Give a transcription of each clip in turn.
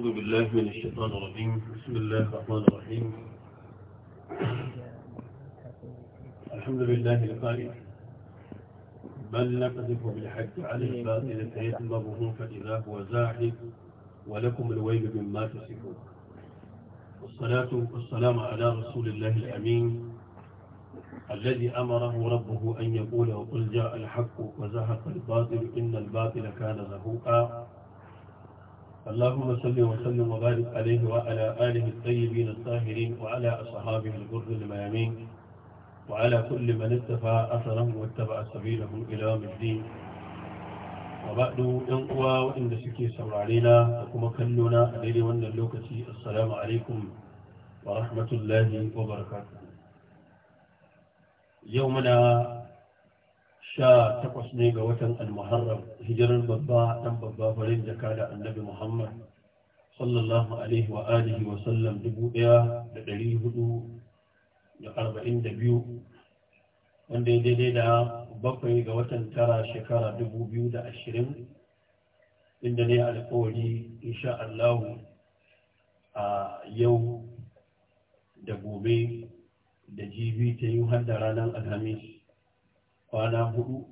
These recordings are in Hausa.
أعوذ بالله من الشيطان الرجيم بسم الله الرحمن الرحيم الحمد لله القائل بل نقذف بالحق على الباطل فيطلبه فإذا هو زاحف ولكم الويل مما تصفون والصلاة والسلام على رسول الله الأمين الذي أمره ربه أن يقول وقل جاء الحق وزهق الباطل إن الباطل كان زهوقا اللهم صل وسلم وبارك عليه وعلى آله الطيبين الطاهرين وعلى أصحابه الغر الميامين وعلى كل من اتفى أثرهم واتبع سبيلهم إلى يوم الدين وبعد ينقوى وإن سكي سمر علينا وكما كلنا عليه وأن اللوكتي السلام عليكم ورحمة الله وبركاته يومنا sha takwas ne ga watan almuharram hijirar babba dan babba farin jaka da annabi muhammad sallallahu alaihi wa alihi wa sallam dubu daya hudu da arba'in da biyu wanda ya daidai da bakwai ga watan tara shekara dubu biyu da ashirin inda ne alkawari insha allahu a yau da gobe da jibi ta yi har da ranar alhamis kwana hudu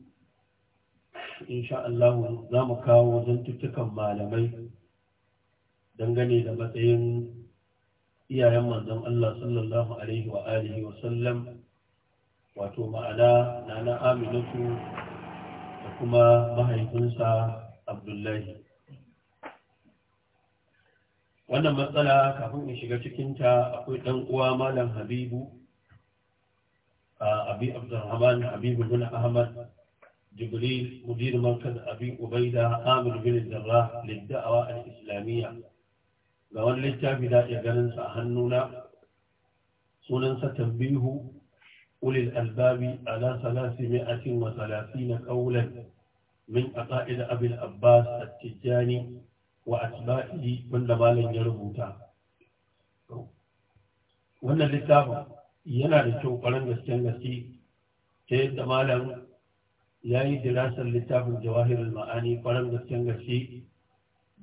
insha Allah za mu kawo zantuttukan malamai dangane da matsayin iyayen manzon Allah sallallahu alaihi wa alihi wa sallam wato ma'ana na na aminatu da kuma mahaifinsa abdullahi wannan matsala kafin in shiga cikinta akwai ɗan uwa malam habibu أبي عبد الرحمن حبيب بن أحمد جبريل مدير مركز أبي عبيدة عامر بن الجراح للدعوة الإسلامية لون للتابع دائع جننس أهننا سننس تنبيه أولي الألباب على ثلاثمائة وثلاثين قولا من أقائد أبي الأباس التجاني وأتباعه من لما لن يربوتا وانا للتابع yana da kyau ƙwarar gasken gaske ta yadda malam ya yi dirasar littafin jawahirin ma'ani ƙwarar gasken gaske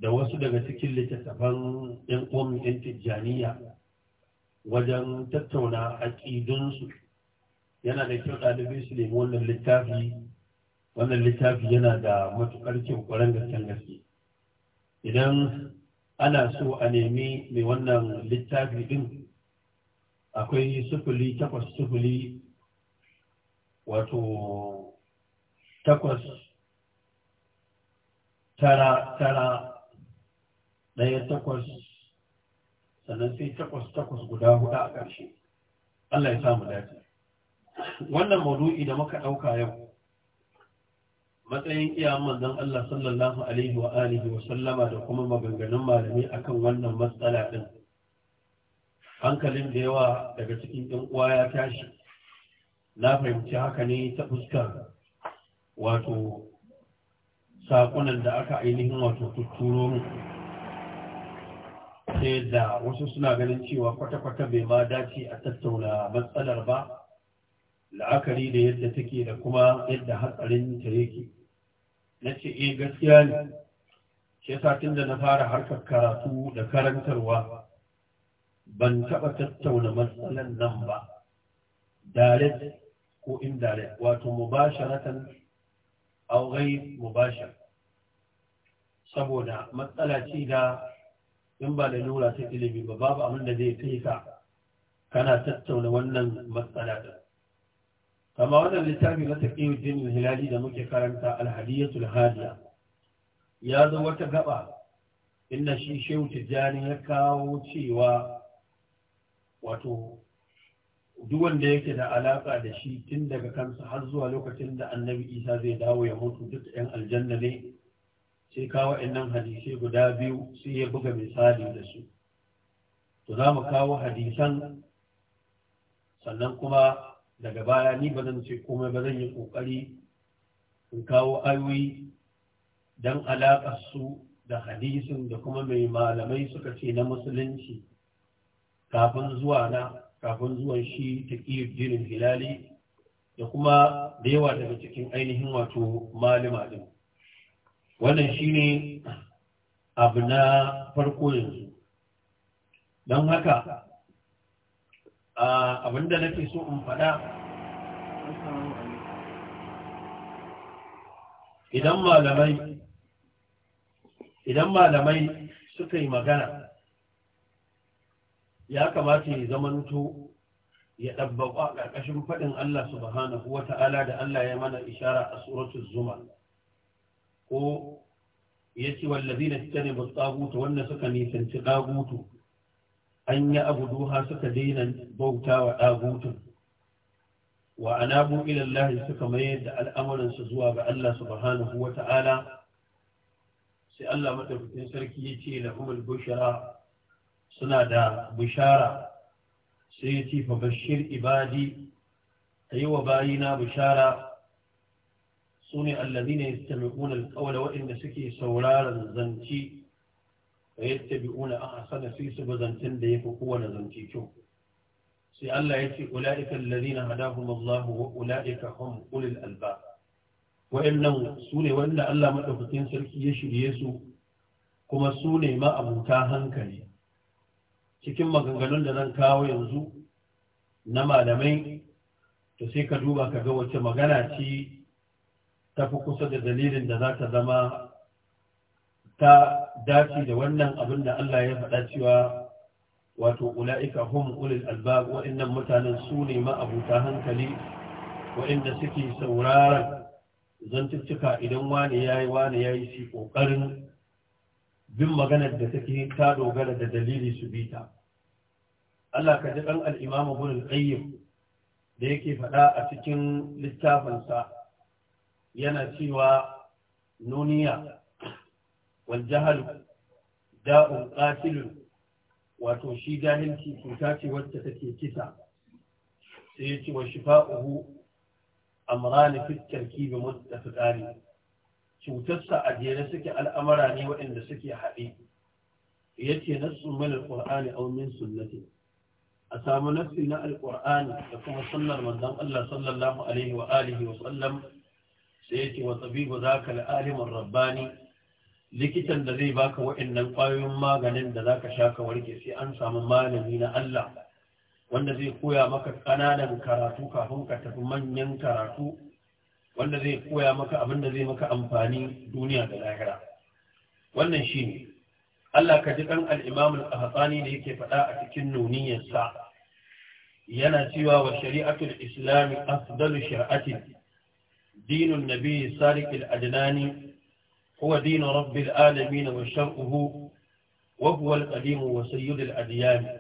da wasu daga cikin littattafan yan ƙomi yan tijjaniya wajen tattauna a ƙidunsu. yana da kyau ɗalibai su nemi wannan littafi wannan littafi yana da matuƙar kyau ƙwarar gasken gaske idan ana so a nemi mai wannan littafi ɗin akwai sufuli takwas sufuli wato takwas tara tara ɗaya takwas sannan sai takwas takwas guda huɗu a ƙarshe Allah ya samu dace wannan maudu'i da muka ɗauka yau matsayin iya manzon Allah sallallahu alaihi wa alihi wa sallama da kuma maganganun malami akan wannan matsala din hankalin da yawa daga cikin ɗan uwa ya tashi na fahimci haka ne ta fuskar wato saƙunan da aka ainihin wato tutturo mu sai da wasu suna ganin cewa kwata-kwata bai ma dace a tattauna matsalar ba la'akari da yadda take da kuma yadda hatsarin ta yake na ce eh gaskiya ne shi yasa tun da na fara harkar karatu da karantarwa ban taɓa tattauna matsalan nan ba direct ko indirect wato mubasharatan aw ghayr mubashar saboda matsala ce da in ba da lura ta ilimi ba babu abin da zai kai ka kana tattauna wannan matsala da. kama wannan littafi na taqiyuddin hilali da muke karanta alhadiyatul hadiya ya zo wata gaba inda shi shehu tijjani ya kawo cewa wato duk wanda yake da alaka da shi tun daga kansa har zuwa lokacin da annabi isa zai dawo ya mutu duk yan aljanna ne sai kawo nan hadisai guda biyu sai ya buga misali da su to za mu kawo hadisan sannan kuma daga baya ni ba zan ce komai ba zan yi kokari in kawo ayoyi don alaƙar su da hadisin da kuma mai malamai suka ce na musulunci kafin zuwa na kafin zuwan shi ta ƙi jinin hilali da kuma da yawa daga cikin ainihin wato malima ɗin wannan ne abu na farko yanzu don haka abinda nake so in faɗa idan malamai idan malamai suka yi magana ya kamata ya zamanto ya ɗabbaƙo a ƙarƙashin faɗin Allah subhanahu wa ta'ala da Allah ya mana ishara a suratul zuma ko ya ce wallazi na cikin ba tsagutu wanda suka nisanci dagutu an yi abu duha suka daina bauta wa ɗagutun wa anabu ilallahi suka mayar da al'amuransu zuwa ga Allah subhanahu wa ta'ala sai Allah madaukakin sarki ya ce lahumul bushra suna da bishara sai ya ce bashir ibadi A yi wa bayina bishara su ne allazi ne ya tabi ƙunar ƙaula waɗanda suke sauraron zanci da ya tabi ƙuna a hasana sai su zancen da ya fi kowane zanci kyau sai Allah ya ce ula'ika allazi na hadahum Allah wa ula'ika hum ulil alba wa'annan su ne wanda Allah madaukakin sarki ya shirye su kuma su ne ma abuta hankali cikin maganganun da zan kawo yanzu na malamai to sai ka duba ka ga wace magana ce ta fi kusa da dalilin da za ta zama ta dace da wannan abin da Allah ya faɗa cewa wato ula'ika hum ulil albab wa'annan mutanen su ne ma'abuta hankali waɗanda suke sauraron zantuttuka idan wani yayi wani yayi shi kokarin bin maganar da take ta dogara da dalili su bi ta Allah ka ji ɗan alimama gudun ƙayyim da yake faɗa a cikin littafinsa yana cewa nuniya wal jahalu da'un ƙatilun wato shi jahilci cuta ce wacce take kisa sai ya ce wa shifa'uhu amrani fit tarkibi mutafiqani cutarsa a jere suke al'amara ne waɗanda suke haɗe ya ce nassun min alƙur'ani aw min sunnati a samu nassi na alƙur'ani da kuma sunnar manzon Allah sallallahu alaihi wa alihi wa sallam sai ya ce wa tabibu zaka al'alimin rabbani likitan da zai baka waɗannan ƙwayoyin maganin da zaka sha ka warke sai an samu malami na Allah wanda zai koya maka ƙananan karatu kafin ka tafi manyan karatu wanda zai koya maka abin da zai maka amfani duniya da lahira wannan ne. Allah ka ji kan al-Imam da yake faɗa a cikin nuniyarsa yana cewa wa shari'atul islami afdalu shari'ati dinun nabiy sadiq al-adnani huwa din rabbil alamin wa shar'uhu وهو القديم وسيد الأديان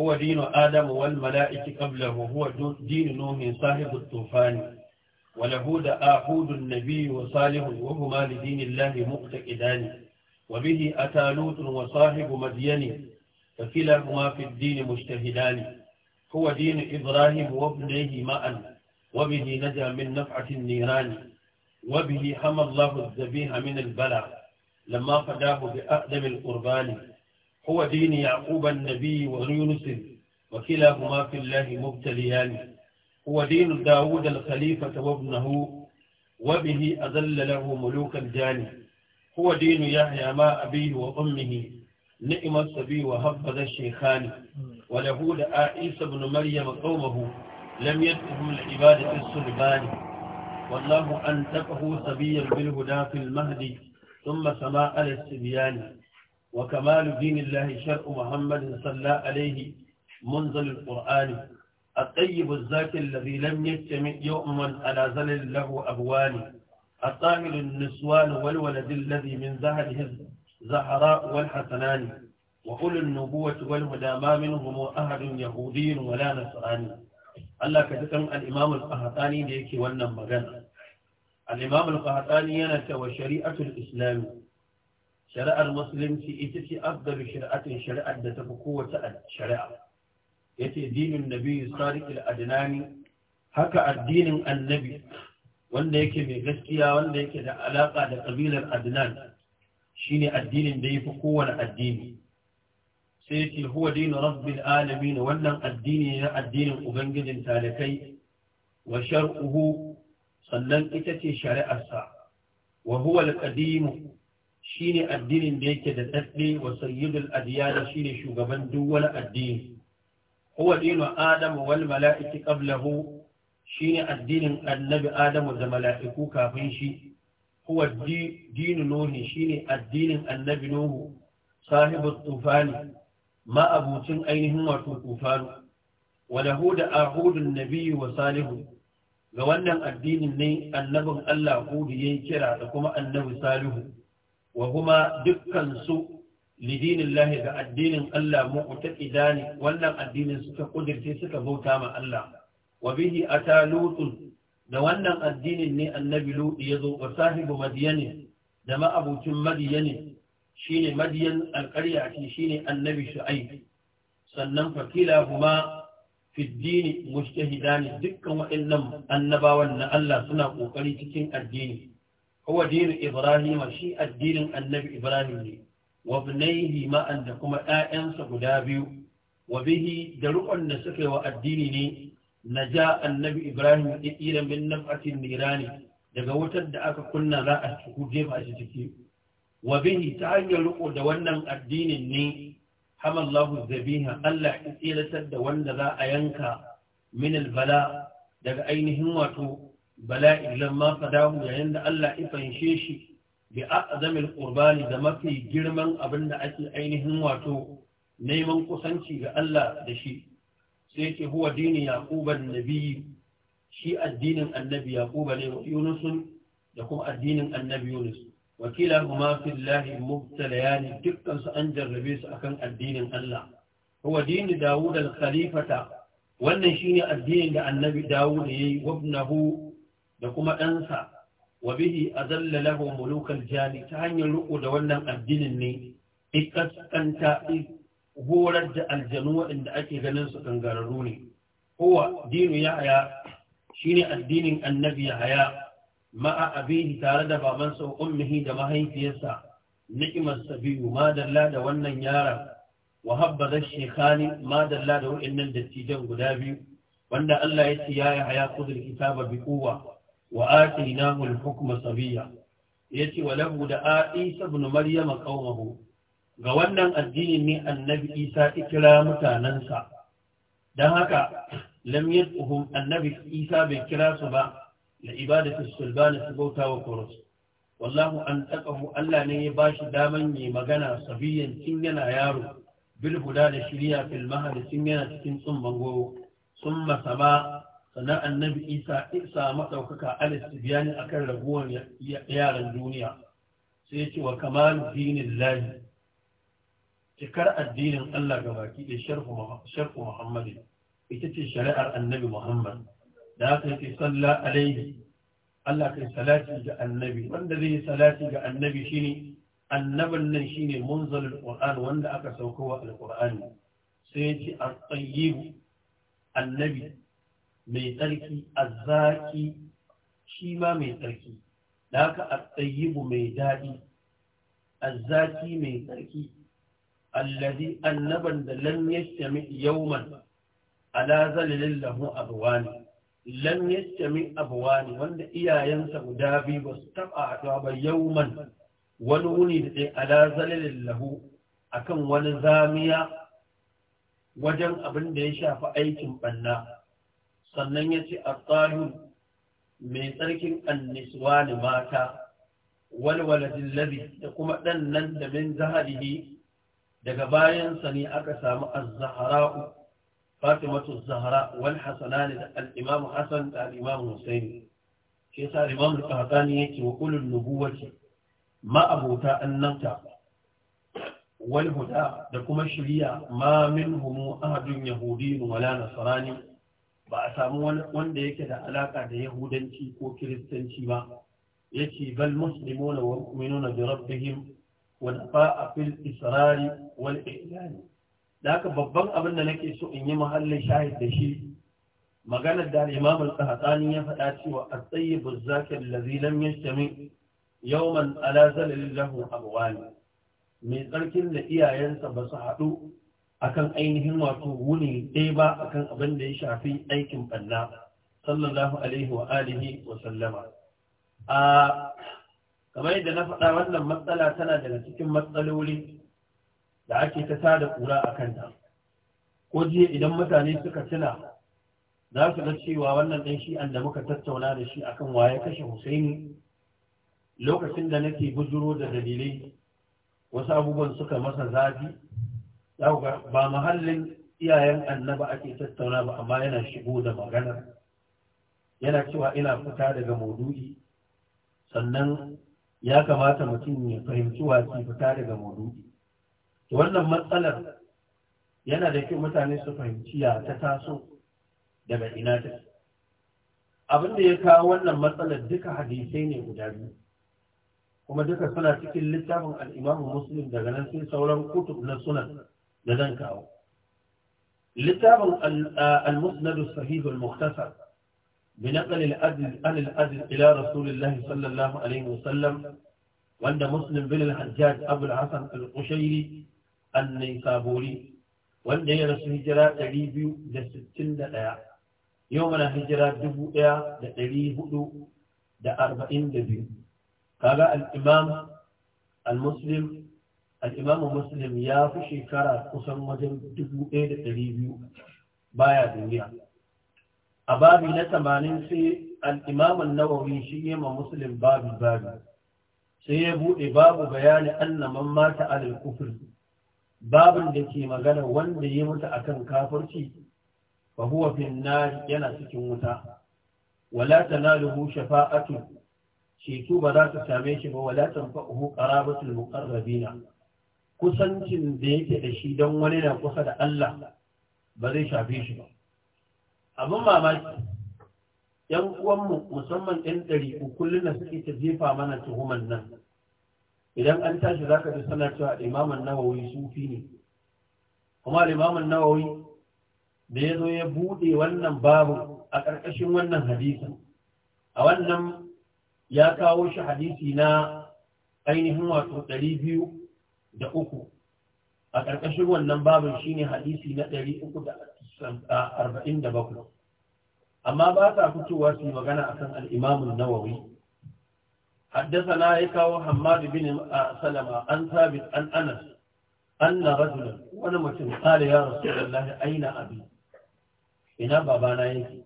هو wal آدم والملائكة قبله هو دين نوح صاحب tufani. ولهود آحود النبي وصالح وهما لدين الله مقتئدان وبه أتى لوط وصاحب مدين فكلاهما في الدين مجتهدان هو دين إبراهيم وابنيه معا وبه نجا من نفعة النيران وبه حمى الله الذبيح من البلاء لما فداه بأقدم القربان هو دين يعقوب النبي ويونس وكلاهما في الله مبتليان هو دين داود الخليفة وابنه وبه أذل له ملوك الجاني هو دين يحيى ما أبيه وأمه نئم السبي وهفض الشيخان وله لآئيس بن مريم قومه لم يدفهم العبادة السلبان والله أنتقه سبيا بالهدى في المهدي ثم سماء للسبيان وكمال دين الله شرع محمد صلى الله عليه منزل القرآن الطيب الزاكي الذي لم يجتمع يوم على زلل له أبوان الطاهر النسوان والولد الذي من ذهره الزهراء والحسنان وقل النبوة والهدى ما منهم أحد يهودي ولا نصراني الله كتكلم الإمام القهطاني ليك ونم الإمام القهطاني ينسى وشريعة الإسلام شرع المسلم في إتتي أفضل شرعة شرعة تفقوة الشريعة yace dinin nabi sadiq al-adnani haka addinin annabi wanda yake mai gaskiya wanda yake da alaka da kabilar adnan shine addinin da yafi kowane addini sai yace huwa dinu rabbil alamin wannan addini ne addinin ubangijin talakai wa shar'uhu sannan ita ce shari'arsa wa huwa al-qadim shine addinin da yake da tsaddi wa sayyidul adyan shine shugaban duk wani addini huwa dinu adam wal mala'iki qablahu shine addinin annabi Adamu da mala'iku kafin shi huwa dinu nuhi shine addinin annabi nuhu sahibut tufani ma abucin ainihin wato tufanu walahu da ahudun nabiyyu wa salihu ga wannan addinin ne annabin Allah hudu yayin kira da kuma annabi salihu wa kuma dukkansu. lidinin lahi ga addinin Allah mu'taqida idani. wannan addinin suka kudirce suka bauta ma Allah wa bihi ata lutun da wannan addinin ne annabi ludi ya zo. sahibu madiyani da ma'abucin madiyani shine madiyan alqarya ce shine annabi shu'aib sannan fakila huma fi dini mujtahidani dukkan wa'annan annabawan na Allah suna kokari cikin addini huwa dinu ibrahima shi addinin annabi ibrahim ne wabnaihi ibnaihi ma'an da kuma ƴaƴansa guda biyu wa bihi da rukun da suka yi wa addini ne naja annabi ibrahim Minna min nafatin nirani daga wutar da aka kunna za a ciku jefa shi ciki wa bihi ta hanyar riko da wannan addinin ne hamallahu zabiha Allah ya tsilatar da wanda za a yanka min albala daga ainihin wato bala'i lamma fadahu yayin da Allah ya fahimce shi bi azamil qurbani da mafi girman abin da ake ainihin wato neman kusanci ga Allah da shi sai yake huwa dini yaquban nabiyyi shi addinin annabi yaquba ne wa yunus da kuma addinin annabi yunus wakila huma fillahi mubtalayani dukkan su an jarrabe su akan addinin Allah huwa dini dawud al-khalifata wannan shine addinin da annabi dawud yayi wabnahu da kuma ɗansa wa bihi azalla lahu mulukal jani ta hanyar riko da wannan addinin ne ikaskanta horar da aljanu waɗanda ake ganin su kangararru ne huwa dinu yahya shine addinin annabi Yahaya, ma'a abihi tare da babansa wa ummihi da mahaifiyarsa ni'imar sabiyu ma dalla da wannan yaron wa habbaza shekhani ma dalla da wa'annan dattijan guda biyu wanda Allah ya ce ya yi haya kudur kitaba bi kowa وآتيناه الحكم صبيا يتي Walahu da عيسى bin مريم قومه ga wannan addinin ne annabi isa ikira mutanensa don haka Lamiyar Uhun annabi isa bai kira su ba la ibadatu sulbani su bauta wa kurus wallahu an taqahu Allah ne ya ba shi daman yi magana sabiyan cin yana yaro bil huda da shiriya fil mahal tun yana cikin tsumban goyo summa sama sannan annabi isa isa maɗaukaka alistibiyani a kan raguwar yaran duniya sai ce wa kamar dinin lahi cikar addinin allah ga baki da sharfu muhammadin ita ce shari'ar annabi muhammad da haka yake salla alaihi allah kai salati ga annabi wanda zai yi salati ga annabi shine annabin nan shine munzalin qur'an wanda aka saukowa alqur'ani sai ya ce at annabi mai tsarki azzaki shi ma mai tsarki da haka attayyibu mai daɗi azzaki mai tsarki allazi annaban da lam yastami yawman ala zalalin lahu abwani lam yastami abwani wanda iyayensa guda biyu ba su taba haɗuwa ba yawman wani wuni da ɗaya ala zalalin lahu akan wani zamiya wajen abin da ya shafi aikin banna sannan ya ce a mai tsarkin anniswa da mata walwaladin labi da kuma ɗan nan da min zaharihi daga bayansa ne aka samu az-zahra'u fatimatu zahra wal ne da al hasan da al-imamu husaini shi yasa al-imamu yake wa ulul nubuwati ma abuta wal huda da kuma shiriya ma minhum ahadun yahudin wala nasrani ba a samu wanda yake da alaka da yahudanci ko kiristanci ba yace bal muslimuna wa mu'minuna bi rabbihim fa a fil israri wal i'lan da haka babban abin da nake so in yi mahallin shahid da shi maganar da imam al-qahtani ya faɗa cewa at-tayyib az-zakir allazi lam yashtami yawman ala zalil lahu abwan mai tsarkin da iyayensa ba su haɗu akan ainihin wato wuni ɗaya ba akan abin da ya shafi aikin banna sallallahu alaihi wa alihi wa sallama a kamar yadda na faɗa wannan matsala tana daga cikin matsaloli da ake ta tada kura a kanta ko jiya idan mutane suka tuna za su ga cewa wannan ɗan shi'an da muka tattauna da shi akan waye kashe husaini lokacin da nake bujuro da dalilai wasu abubuwan suka masa zafi ba mahallin iyayen annaba ake tattauna ba amma yana shigo da maganar yana cewa ina fita daga maudu'i sannan ya kamata mutum ya fahimci wasu fita daga maudu'i to wannan matsalar yana da kyau mutane su fahimci ya ta taso daga ina ta abin da ya kawo wannan matsalar duka hadisai ne guda biyu kuma duka suna cikin littafin al'imamu muslim daga nan sai sauran kutub na sunan na zan kawo littafin al بنقل الأدل عن الأدل إلى رسول الله صلى الله عليه وسلم وأن مسلم بن الحجاج أبو الحسن القشيري النيسابوري وأن يرسل هجرة تريبي لستين دقيقة يومنا هجرة دبو إيا لتريبو دا أربعين دبي قال الإمام المسلم al'imamu muslim ya fi shekara kusan wajen 1200 baya duniya a babi na 80 sai al'imamun nawawi shi yema muslim babi babi sai ya buɗe babu bayani annaman mata alal kufur babin da ke magana wanda ya mutu akan kafirci fa huwa fin yana cikin wuta wala tanaluhu shafa'atu ceto ba za ta same shi ba wala tanfa'uhu qarabatul muqarrabina kusancin da yake da shi don wani na kusa da Allah ba zai shafe shi ba. Abin mamaki, ‘yan uwanmu musamman ‘yan ɗari kullum da suke ta jefa mana tuhuman nan, idan an tashi za ka ji sana cewa imaman nawawi sufi ne, kuma imaman nawawi da ya zo ya buɗe wannan babu a ƙarƙashin wannan hadisin, a wannan ya kawo shi hadisi na ainihin wato ɗari biyu da uku a ƙarƙashin wannan babin shine hadisi na ɗari uku da arba'in da bakwai amma ba sa fitowa su yi magana akan al'imamun nawawi حدثنا يكاو حماد بن سلمة عن ثابت عن أنس أن رجلا ونمت قال يا رسول الله أين أبي ina babana yake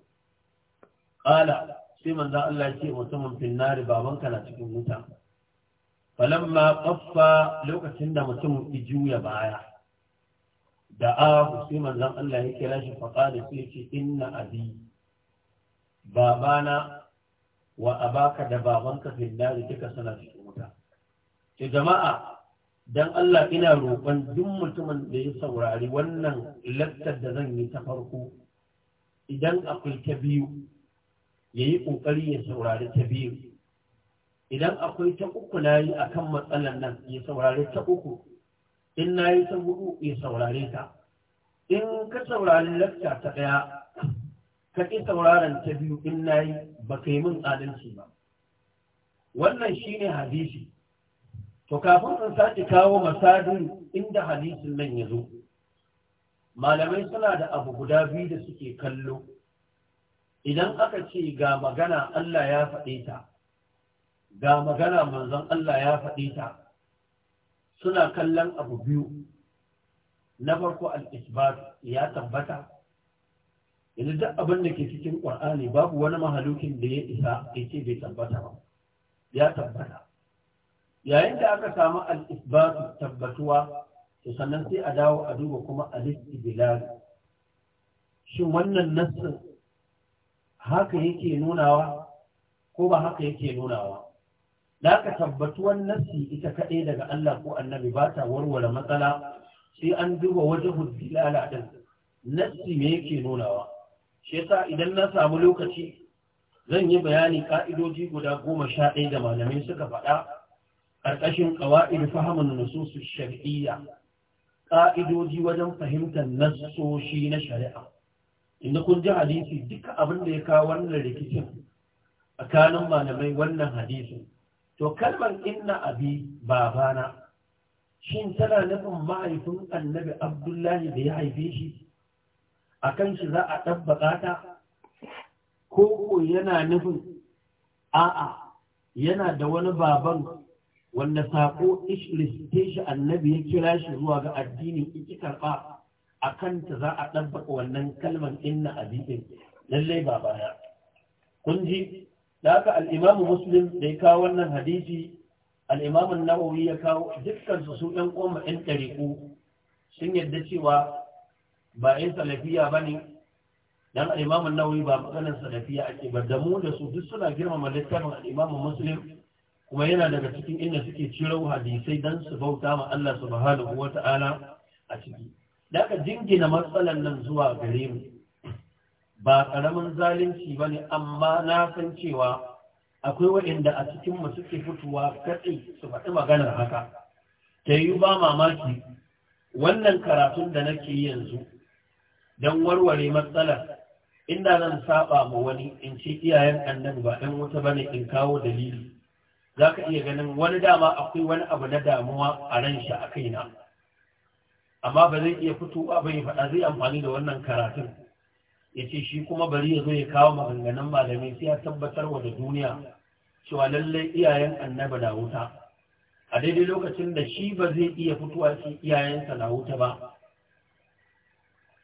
ƙala sai manzo Allah ya ce mutumin finnar babanka na cikin wuta falamma qaffa lokacin da mutum ya juya baya da abu sai manzon Allah ya kira shi fa qala sai ce inna abi babana wa abaka da babanka fil nar kika sana cikin wuta ce jama'a dan Allah ina roƙon duk mutumin da ya saurari wannan lattar da zan yi ta farko idan akwai ta biyu ya yi ƙoƙari ya saurari ta biyu idan akwai ta uku na yi a kan matsalar nan ya saurare ta uku in na yi ta hudu ya saurare ta in ka saurari lakta ta ɗaya ka ƙi sauraron ta biyu in na yi ba ka yi min tsadanci ba wannan shi ne hadisi to kafin in sake kawo masadin inda hadisin nan ya zo malamai suna da abu guda biyu da suke kallo idan aka ce ga magana Allah ya faɗe ta ga magana manzon Allah ya faɗi ta suna kallon abu biyu na farko al-isbat ya tabbata yanzu duk abin da ke cikin ƙwar'ani babu wani mahalukin da ya isa ya ce bai tabbata ba ya tabbata yayin da aka samu al'isbatu tabbatuwa to sannan sai a dawo a duba kuma al'istibilari shin wannan nassin haka yake nunawa ko ba haka yake nunawa da ka tabbatuwan nassi ita kaɗai daga Allah ko annabi ba ta warware matsala sai an duba wajen hudilala ɗin nassi me yake nunawa shi yasa idan na samu lokaci zan yi bayani ka'idoji guda goma sha ɗaya da malamai suka faɗa ƙarƙashin ƙawa'id fahimin nususu shari'iyya ƙa'idoji wajen fahimtar nassoshi na shari'a inda kun ji hadisi duka abin da ya kawo wannan rikicin tsakanin malamai wannan hadisin to kalmar inna abi babana shin tana nufin mahaifin annabi abdullahi da ya haife shi a kan shi za a ɗabbaƙa ta ko yana nufin a'a yana da wani baban wanda saƙo ishiriste shi annabi ya kira shi zuwa ga addinin iki karɓa a kanta za a ɗabbaƙa wannan kalmar inna abi ɗin lallai babana kun ji da haka al'imamu muslim da ya kawo wannan hadisi al'imamun nawawi ya kawo dukkansu su ɗan ƙoma ɗan ɗariƙu sun yadda cewa ba 'yan salafiya ba ne don al'imamun nawawi ba maganar salafiya ake ba da mu da su duk suna girmama littafin al'imamun muslim kuma yana daga cikin inda suke ciro hadisai don su bauta ma Allah subhanahu wa ta'ala a ciki da aka jingina matsalan nan zuwa gare mu ba ƙaramin zalunci ba ne amma na san cewa akwai waɗanda a cikin mu suke fitowa kaɗai su faɗi maganar haka ta yi ba mamaki wannan karatun da nake yanzu don warware matsalar inda zan saba ma wani in ce iyayen annabi ba ɗan wuta bane in kawo dalili za ka iya ganin wani dama akwai wani abu na damuwa a ran shi a kaina amma ba zai iya fitowa ba ya faɗa zai amfani da wannan karatun ya ce shi kuma bari ya zo ya kawo maganganun malamai sai ya tabbatar wa da duniya cewa lallai iyayen annabi na wuta a daidai lokacin da shi ba zai iya fitowa shi iyayensa na wuta ba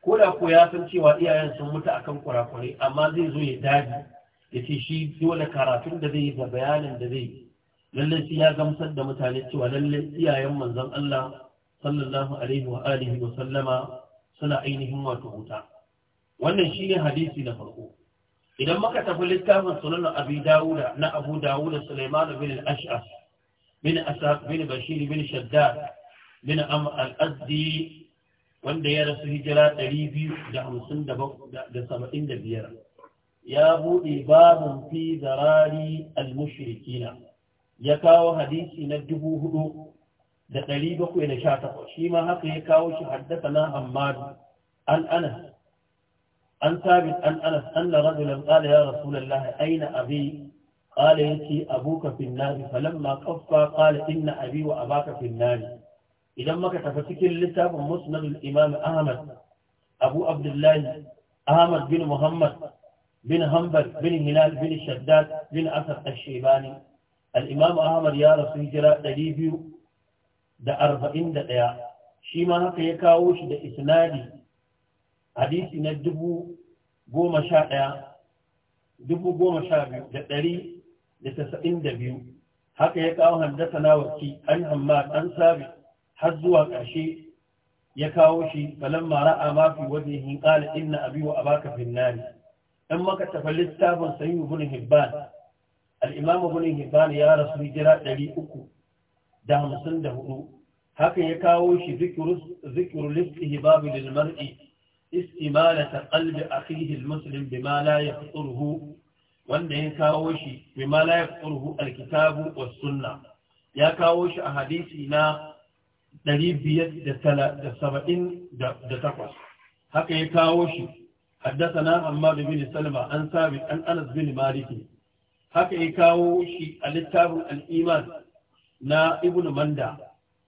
ko da ko ya san cewa iyayen sun mutu akan kurakurai amma zai zo ya dadi ya ce shi dole karatun da zai yi da bayanin da zai lallai ya gamsar da mutane cewa lallai iyayen manzon Allah sallallahu alaihi wa alihi wa sallama suna ainihin wato wuta wannan shine hadisi na farko idan muka tafi littafin sunan abi dawuda na abu dawuda sulaiman bin al-ash'as bin asaq bin bashir bin shaddad bin am al-azdi wanda ya rasu hijira 257 ya bude babun fi zarari al-mushrikina ya kawo hadisi na 4718 shi ma haka ya kawo shi na hammad an anas an sabit an anas anna rajulan qala ya rasulullahi aina abi qala yati abuka fin nar falamma qaffa qala inna abi wa abaka fin nar idan maka tafi cikin littafin musnad al-imam ahmad abu abdullahi ahmad bin muhammad bin hanbal bin hilal bin shaddad bin asad ash-shaybani al-imam ahmad ya rasu da 241 shi ma haka ya kawo shi da isnadi hadisi na dubu goma sha ɗaya dubu goma sha da ɗari da tasa'in da biyu haka ya kawo handasa na waki an hamma an sabi har zuwa ƙarshe ya kawo shi falamma mara mafi fi wajhihi hinƙala inna abi wa abaka fi ɗan maka tafa littafin sayyid gunin hibban al gunin hibban ya rasu jira hudu haka ya kawo shi zikru zikru lilmar'i istimalata qalbi akhihi almuslim bima la yaqturuhu wanda ya kawo shi bima la yaqturuhu alkitabu was sunna ya kawo shi a hadisi na 578 haka ya kawo shi حدثنا عماد بن سلمة عن ثابت عن أنس بن مالك haka ya kawo shi a littafin al'iman na ibn manda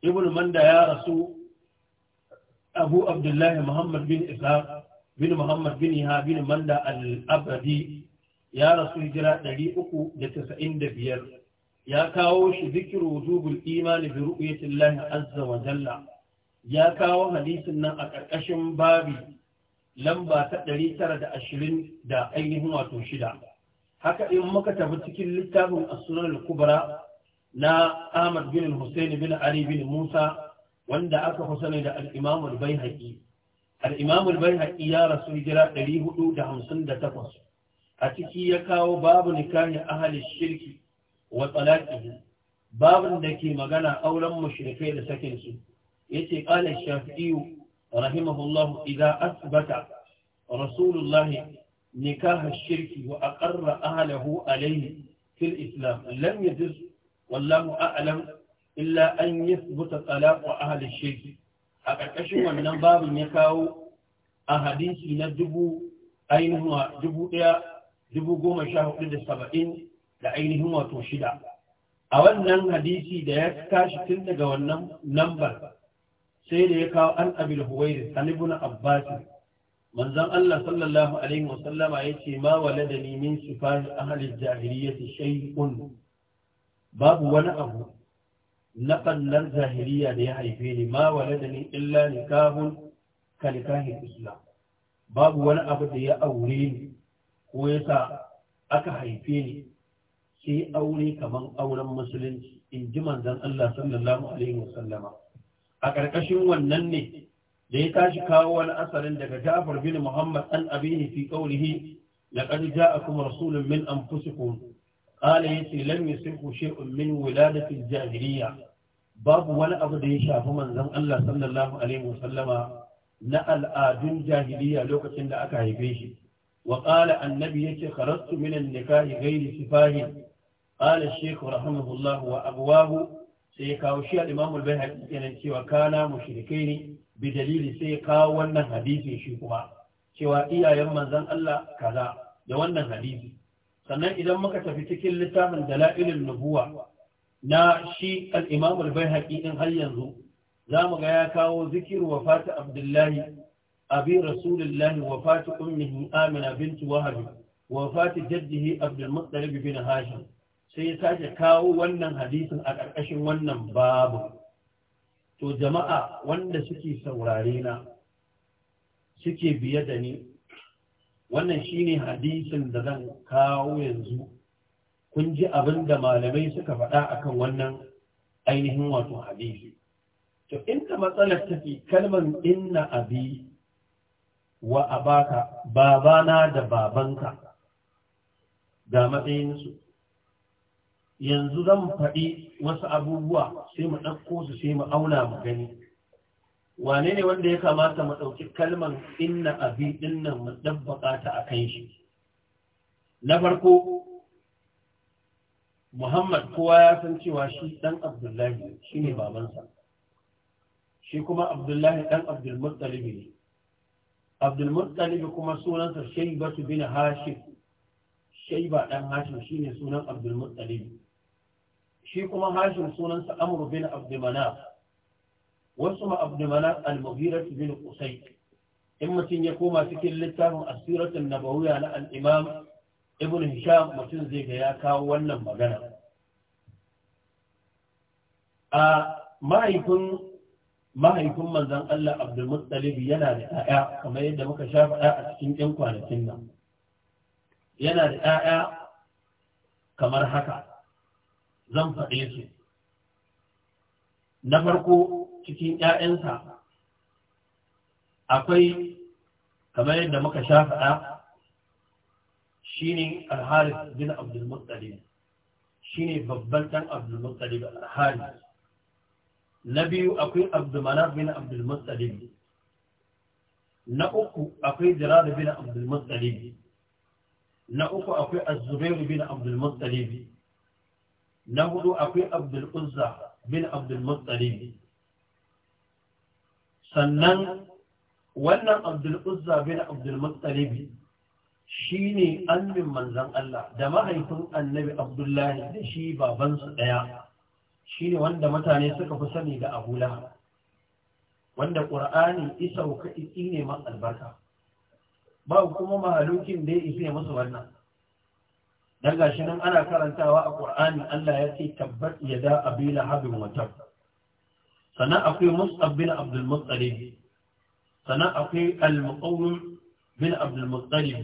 ibn manda ya rasu abu abdullahi muhammad bin ishaq bin muhammad bin yaha bin manda al-abadi ya rasu hijira 395 ya kawo shi zikiru wujubul imani bi ru'yatillahi azza wa jalla ya kawo hadisin nan a ƙarƙashin babi lamba ta ɗari tara da da ainihin wato shida haka in muka tafi cikin littafin as-sunan al-kubra na Ahmad bin Hussein bin Ali bin Musa wanda aka fi sani da al bai al ya rasu imam al-Baihaqi ya rasu hijira 458 a ciki ya kawo babu nikahi ahli shirki wa tsalaƙi babun da ke magana auren mushrikai da sakin su yace qala shafi'iyu rahimahullah idza asbata rasulullahi نكاح a وأقر أهله عليه في الإسلام لم يجز والله أعلم illa an yathbuta talaqu ahli shirki a ƙarƙashin wannan babin ya kawo a hadisi na dubu ainihin wa dubu ɗaya dubu goma sha hudu da saba'in da ainihin wato shida a wannan hadisi da ya tashi tun daga wannan lambar sai da ya kawo an abil huwairis an na abbas manzon Allah sallallahu alaihi wa sallama yace ma waladani min sifar ahli jahiliyyati shay'un babu wani abu na ƙannar zahiriya da ya haife ni ma ni illa nikahun ka nikahin islam babu wani abu da ya aure ni ko ya sa aka haife ni sai aure kamar auren musulunci in ji manzon Allah sallallahu alaihi wasallama a ƙarƙashin wannan ne da ya tashi kawo wani asalin daga Ja'far bin Muhammad an abihi fi qawlihi a kuma rasulun min anfusikum قال يتي لم يسبه شيء من ولادة الجاهلية باب ولا أبدا يشاف من زم الله صلى الله عليه وسلم نأل آدم جاهلية لوكة لأكا هيفيش وقال النبي يتي خرجت من النكاح غير سفاه قال الشيخ رحمه الله وأبواه سيكاوشي الإمام البيهقي ينتي وكان مشركين بدليل سيكاونا حديث شيخما cewa iyayen manzan Allah kaza da wannan hadisi sannan idan muka tafi cikin littafin dala'ilin nubuwa na shi al-imam al-baihaqi har yanzu zamu ga ya kawo zikir wafati abdullahi abi rasulullahi wafati ummihi amina binti wa wafati jaddihi abdul bin hashim sai ya sake kawo wannan hadisin a ƙarƙashin wannan babu to jama'a wanda suke saurare na suke biye da ni wannan shine hadisin da zan kawo yanzu kun ji abin da malamai suka faɗa akan wannan ainihin wato hadisi to inda matsalar tafi kalmar inna abi wa abaka babana da babanka ga matsayinsu yanzu zan faɗi wasu abubuwa sai mu ɗauko su sai mu auna mu gani wane ne wanda ya kamata mu ɗauki kalmar inna abi dinnan mu dabbaka ta a kan shi na farko Muhammad kowa ya san cewa shi dan Abdullahi shine babansa shi kuma Abdullahi dan Abdul Muttalib ne Abdul Muttalib kuma sunansa Shaybatu bin Hashim Shayba dan Hashim shine sunan Abdul Muttalib shi kuma Hashim sunansa Amur bin Abdul Manaf wasu ma abdu mana al-mughira bin qusay in mutum ya koma cikin littafin asiratun nabawiya na al-imam ibn mutum zai ga ya kawo wannan magana a mahaifin mahaifin manzon Allah Abdul yana da ƴaƴa kamar yadda muka sha faɗa a cikin 'yan kwanakin nan yana da 'ya'ya kamar haka zan faɗe su na farko cikin ‘ya'yansa akwai kamar yadda muka sha faɗa shi ne alharis bin abdulmuttalib shi ne babban ɗan abdulmuttalib alharis na biyu akwai abdulmanar bin abdulmuttalib na uku akwai jirar bin abdulmuttalib na uku akwai azubairu bin abdulmuttalib na hudu akwai abdul'uzza bin abdulmuttalib sannan wannan abdul'uzza bin abdulmuttalibi shi ne annin manzan Allah da mahaifin annabi abdullahi da shi babansu ɗaya shi ne wanda mutane suka fi sani da abula wanda ƙur'ani isa ka iki ne albarka ba kuma mahalukin da ya isa musu wannan dan gashi nan ana karantawa a ƙur'ani Allah ya ce tabbat yada abila habin wa sannan akwai mus'ab bin abdul muttalib sannan akwai al-muqawwim bin abdul muttalib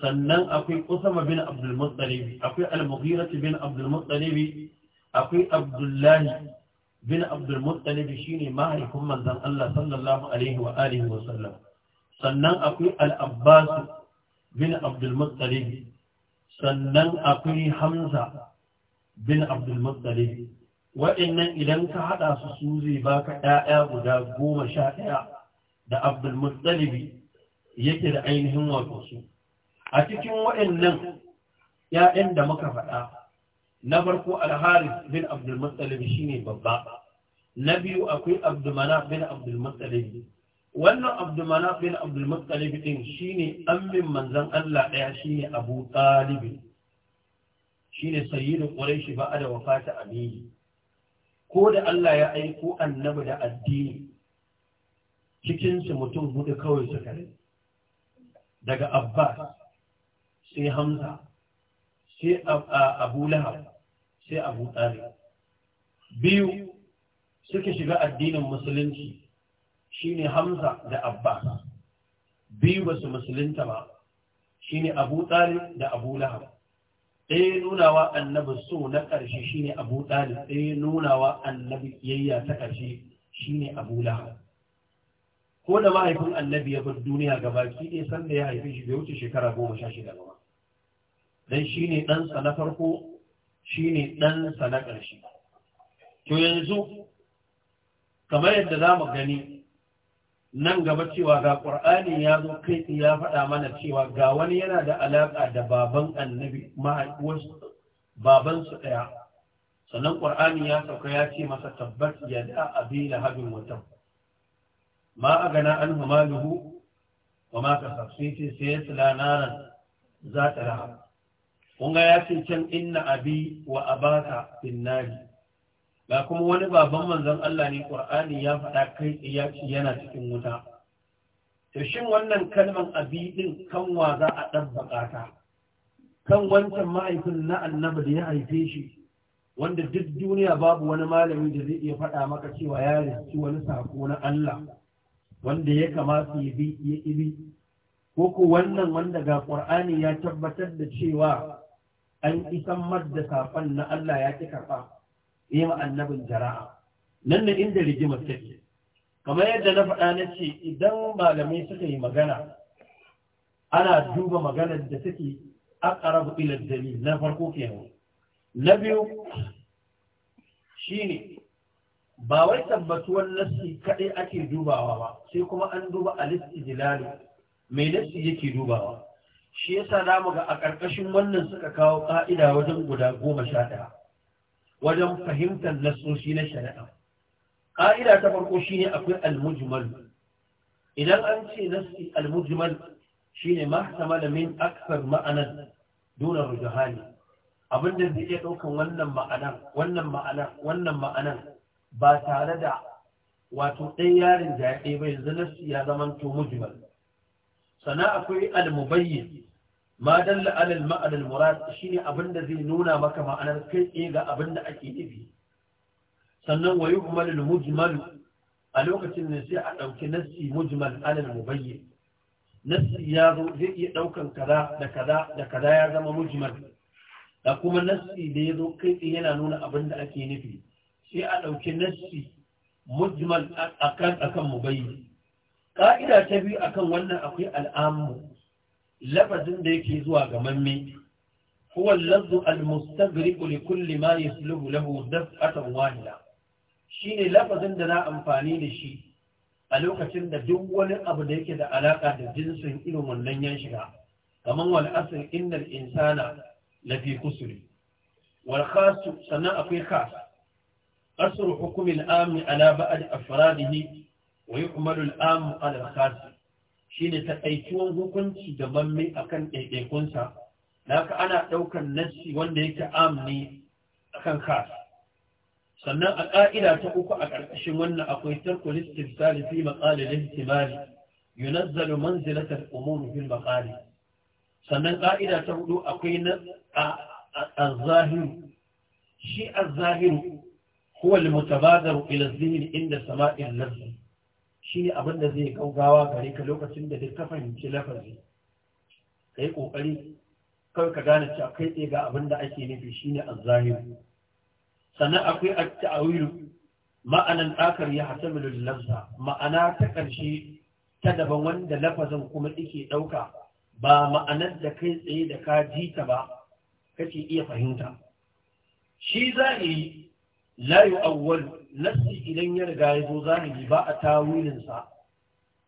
sannan akwai usama bin abdul muttalib akwai al-mughira bin abdul muttalib akwai abdullahi bin abdul muttalib shine mahaifin manzon Allah sallallahu alaihi wa alihi wa sallam sannan akwai al-abbas bin abdul muttalib sannan akwai hamza bin abdul muttalib waɗannan idan ka haɗa su su zai ka ɗaya guda goma sha ɗaya da abdulmuttalibi yake da ainihin wato su a cikin waɗannan ‘ya'yan da muka faɗa na farko alharis bin abdulmuttalibi shine babba na biyu akwai abdulmanaf bin abdulmuttalibi wannan abdulmanaf bin abdulmuttalibi ɗin shine ambin manzan allah ɗaya shine abu ɗalibi shine sayyidu ƙwarai shi ba a da wafata amini ko da Allah ya aiko annabi da addini cikinsu mutum hudu kawai suka ne daga Abbas sai Hamza sai Abu Lahab sai Abu Talib biyu suka shiga addinin musulunci shine Hamza da Abbas biyu ba su musulunta ba shine Abu Talib da Abu Lahab ɗaya eh, nunawa annabi so na ƙarshe ne abu ɗalib ɗaya eh, nunawa annabi kiyayya ta ƙarshe ne abu lahab ko da mahaifin annabi ya bar duniya ga baki ɗaya sanda ya haifi shi bai wuce shekara goma sha shida ba dan shine ɗansa na farko shine ɗansa na ƙarshe to yanzu kamar yadda za mu gani nan gaba cewa ga ƙur'ani ya zo kai ya faɗa mana cewa ga wani yana da alaƙa da baban annabi babansu ɗaya sannan ƙur'ani ya sauka ya ce masa tabbat ya da abi da habin wata ma a gana an luhu wa ma ka ce sai ya tsila naran za ta raha kunga ya ce can inna abi wa abata bin nari ga kuma wani baban manzon Allah ne Qur'ani ya faɗa kai ya ci yana cikin wuta to shin wannan kalman abin din kan wa za a dabbaka ta kan wancan ma'aikin na annabi da ya haife shi wanda duk duniya babu wani malami da zai iya faɗa maka cewa ya rinci wani sako na Allah wanda ya kamata ya bi ya ibi ko ko wannan wanda ga Qur'ani ya tabbatar da cewa an isan madda safan na Allah ya ci karɓa yi ma annabin jara'a nan da inda rigimar take kamar yadda na faɗa na ce idan malamai suka yi magana ana duba maganar da take aqrabu ila dalil na farko kenan na biyu shine ba wai tabbatuwar nassi kadai ake dubawa ba sai kuma an duba alisti istidlal mai nassi yake dubawa shi yasa zamu ga a ƙarƙashin wannan suka kawo ƙa'ida wajen guda goma sha ɗaya wajen fahimtar nasoshi na shari'a ƙa'ida ta farko shine akwai almujmal idan an ce nasi almujmal shine ma tamala min aksar ma'anar duna abin abinda zai iya ɗaukan wannan ma'ana wannan ma'ana wannan ma'ana ba tare da wato ɗan yarin jaɗe ba yanzu nasi ya zamanto mujmal sana akwai almubayyin ma dalla alal ma'anal murad shine abin da zai nuna maka ma'anar kai tsaye ga abin da ake nufi sannan wa yuhmalul mujmal a lokacin ne sai a dauki nassi mujmal alal mubayyin nassi ya zo zai iya daukan kaza da kaza da kaza ya zama mujmal da kuma nassi da ya zo kai tsaye yana nuna abin da ake nufi sai a dauki nassi mujmal akan akan mubayyin ka'ida ta biyu akan wannan akwai al'amu lafazin da yake zuwa ga mamme huwa al-lafzu al-mustagriqu li kulli ma yasluhu lahu daf'atan wahida shine lafazin da na amfani da shi a lokacin da duk wani abu da yake da alaka da jinsin irin wannan ya shiga kaman wal asr innal insana fi kusuri wal khas sannan akwai khas asr hukm al-am ala ba'd afradihi wa yuhmalu al-am ala al-khas shine taƙaituwan hukunci da mamme akan ɗaiɗaikunsa da haka ana ɗaukar nassi wanda yake amni akan khas sannan a ƙa'ida ta uku a ƙarƙashin wannan akwai tarkul istifsal fi maqali al-ihtimali yunazzalu manzilat al-umur fil maqali sannan ƙa'ida ta hudu akwai na az-zahir shi az-zahir huwa ila az inda sama'il lafzi shi ne abin da zai gaugawa gare ka lokacin da duk ka fahimci lafazi ka yi ƙoƙari kawai ka gane cewa kai tsaye ga abin da ake nufi shi ne azzahiru sannan akwai at-ta'awilu ma'anan akar ya hasamilu lafza ma'ana ta ƙarshe ta daban wanda lafazin kuma yake ɗauka ba ma'anar da kai tsaye da ka ji ba kake iya fahimta shi zahiri la yu'awwal nassi idan ya riga ya zo zahiri ba a tawilinsa.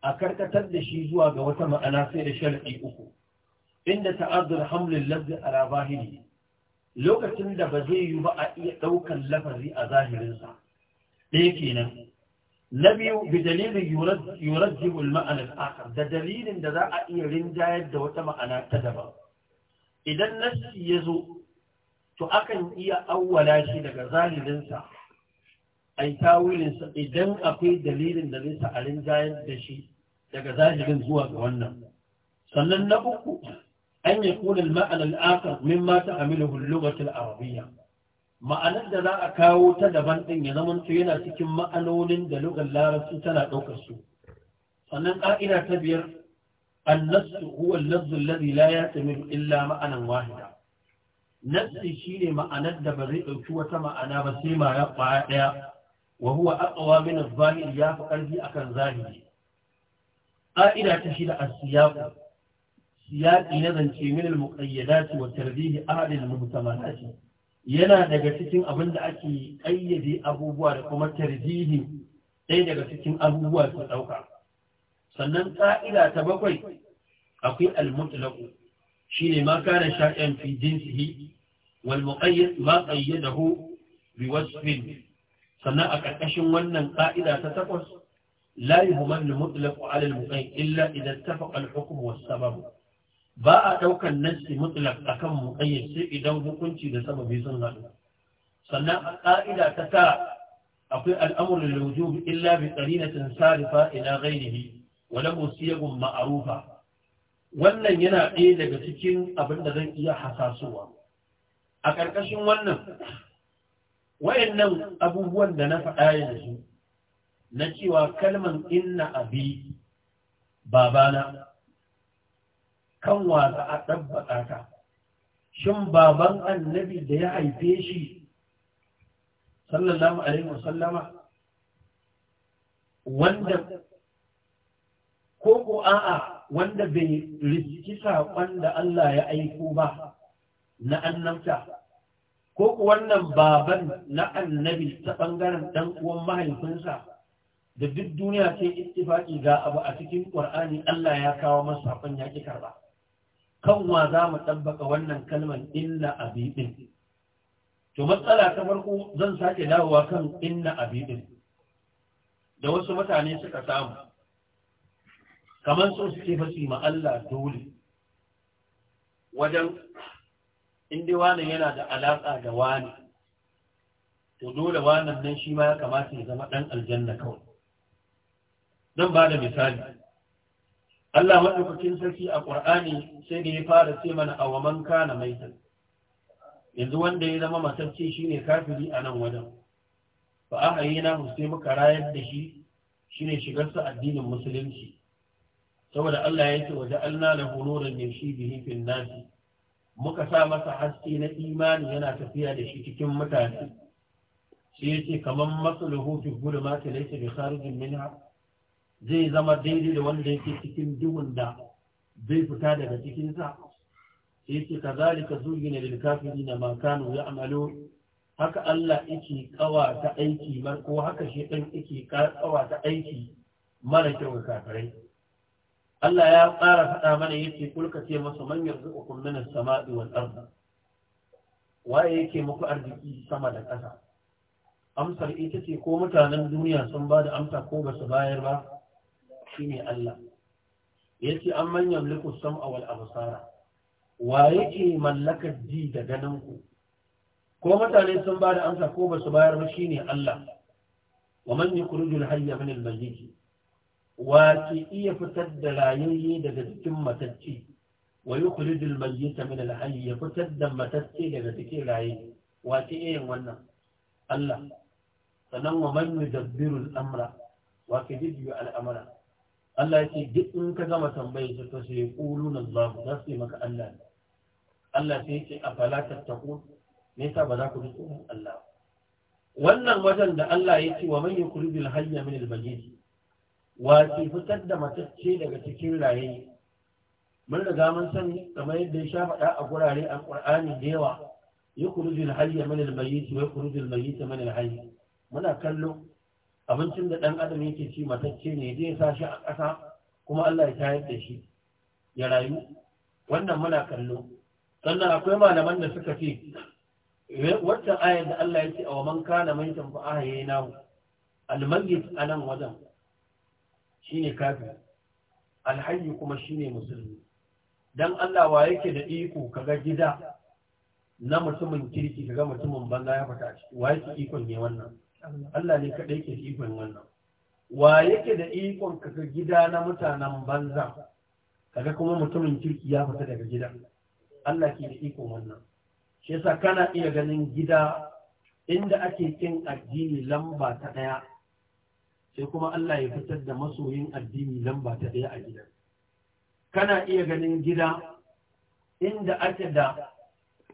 a karkatar da shi zuwa ga wata ma'ana sai da shar'i uku inda ta'addul hamlin lafzi ala zahiri lokacin da ba zai yi ba a iya ɗaukar lafazi a zahirinsa ɗaya kenan na biyu bi dalilin yurajjibul ma'anar akar da dalilin da za a iya rinjayar da wata ma'ana ta daban idan nassi ya zo to akan iya awwala shi daga zahirinsa a yi tawilinsa idan akwai dalilin da zai a zayar da shi daga zahirin zuwa ga wannan sannan na uku an yi kunin ma'anar akar min mata amilu hulubatul arabiya ma'anar da za a kawo ta daban ɗin ya zama yana cikin ma'anonin da lugar larabci tana ɗaukar su sannan ƙa'ida ta biyar annasu huwa lazzul ladhi la yatamilu illa ma'anan wahida shi shine ma'anar da ba zai ɗauki wata ma'ana ba sai ma ya ɓaya ɗaya wa huwa aqwa min az-zahir ya fi ƙarfi akan zahiri ƙa'ida ta shida as-siyaq siyaqi na zance min al-muqayyadat wa tardihi ahad al-muhtamalat yana daga cikin abin da ake ƙayyade abubuwa da kuma tardihi ɗaya daga cikin abubuwa su ɗauka sannan ƙa'ida ta bakwai akwai al-mutlaq shine ma kana sha'an fi jinsihi wal muqayyad ma qayyadahu bi wasfin sannan a ƙarƙashin wannan ƙa'ida ta takwas Layi yuhmal mutlaq ala al muqayyad illa idan ittafaqa al hukm was ba a ɗaukan nassi a kan muqayyad sai idan hukunci da sababi sun haɗu sannan a ƙa'ida ta ta akwai al'amurin lujub illa bi na sarifa ila ghairihi wa lahu siyagun ma'arufa. wannan yana ɗaya daga cikin abin da zan iya hasasowa a ƙarƙashin wannan wayannan abubuwan da na faɗa yanzu na cewa kalman inna abi babana kan wasa a ɗabbaƙa ta shin baban annabi da ya haife shi sallallahu alaihi wasallama wanda ko ko a'a wanda bai riski saƙon da Allah ya aiko ba na annabta, ko ku wannan baban na annabi ta ɓangaren ɗan uwan mahaifinsa da duk duniya ce ittifaƙi ga abu a cikin ƙwar'ani Allah ya kawo masa saƙon ya ƙi karɓa. Kan wa za mu ɗabbaƙa wannan kalmar inna a biɗin. To matsala ta farko zan sake dawowa kan inna a biɗin. Da wasu mutane suka samu. kamar so suke fasi ma Allah dole wajen inda wani yana da alaƙa da wani to dole wannan nan shi ma ya kamata ya zama ɗan aljanna kawai Zan ba da misali Allah madaukakin sarki a ƙur'ani sai da ya fara ce mana awaman waman kana maitan yanzu wanda ya zama matacce shine kafiri a nan wajen fa ahayina muka rayar da shi shine shigarsa addinin musulunci saboda Allah ya ce wa ja'alna lahu nuran shi bihi fil nas muka sa masa haske na imani yana tafiya da shi cikin mutane shi yace kaman masluhu fi gulmati laysa bi kharijin minha zai zama daidai da wanda yake cikin duhun da zai fita daga cikin sa shi yace kazalika zuyyina lil kafirina ma kanu ya'malu haka Allah yake kawa ta aiki ko haka shi dan yake kawa ta aiki mara kyau kafirai Allah ya ƙara faɗa mana yake kulka ce masa man yarzuqukum min as-sama'i wal ardh waye yake muku arziki sama da ƙasa amsar ita ce ko mutanen duniya sun ba da amsa ko ba su bayar ba shine Allah yace an man yamliku as-sam'a wal absara wa yake mallakar ji da ganin ku ko mutane sun ba da amsa ko ba su bayar ba shine Allah wa man yukhrijul hayya min al-mayyit wace iya fitar da rayayye daga cikin matacce wa yukhrijul mayyita min al-hayy ya fitar da matacce daga cikin raye wace iya wannan Allah sanan wa man yudabbiru al-amra wa kadibyu al-amra Allah ya ce duk in ka gama tambayar su to sai quluna Allah za su yi maka Allah Allah sai ya ce afala tattaqun me yasa ba za ku ji tsoron Allah wannan wajen da Allah ya ce wa man yukhrijul hayya min al-mayyit wace fitar da matacce daga cikin raye mun riga mun san kamar yadda ya sha faɗa a gurare a ƙur'ani da yawa ya kuruji alhayya min almayyit wa kuruji almayyit min alhayy muna kallo abincin da dan adam yake ci matacce ne zai sa shi a ƙasa kuma Allah ya tayar da shi ya rayu wannan muna kallo sannan akwai malaman da suka ce wata ayar da Allah ya ce a wa man kana mayyitan fa ahyaynahu almayyit anan wajen shine kafin. alhayyu kuma shine musulmi dan Allah wa yake da iko kaga gida na mutumin kirki kaga mutumin banza ya fata ciki wa yake ikon ne wannan Allah ne kadai yake ikon wannan wa yake da ikon kaga gida na mutanen banza kaga kuma mutumin kirki ya fita daga gida Allah ke da ikon wannan shi yasa kana iya ganin gida inda ake kin addini lamba ta daya sai kuma Allah ya fitar da masoyin addini lamba ta ɗaya a gidan kana iya ganin gida inda ake da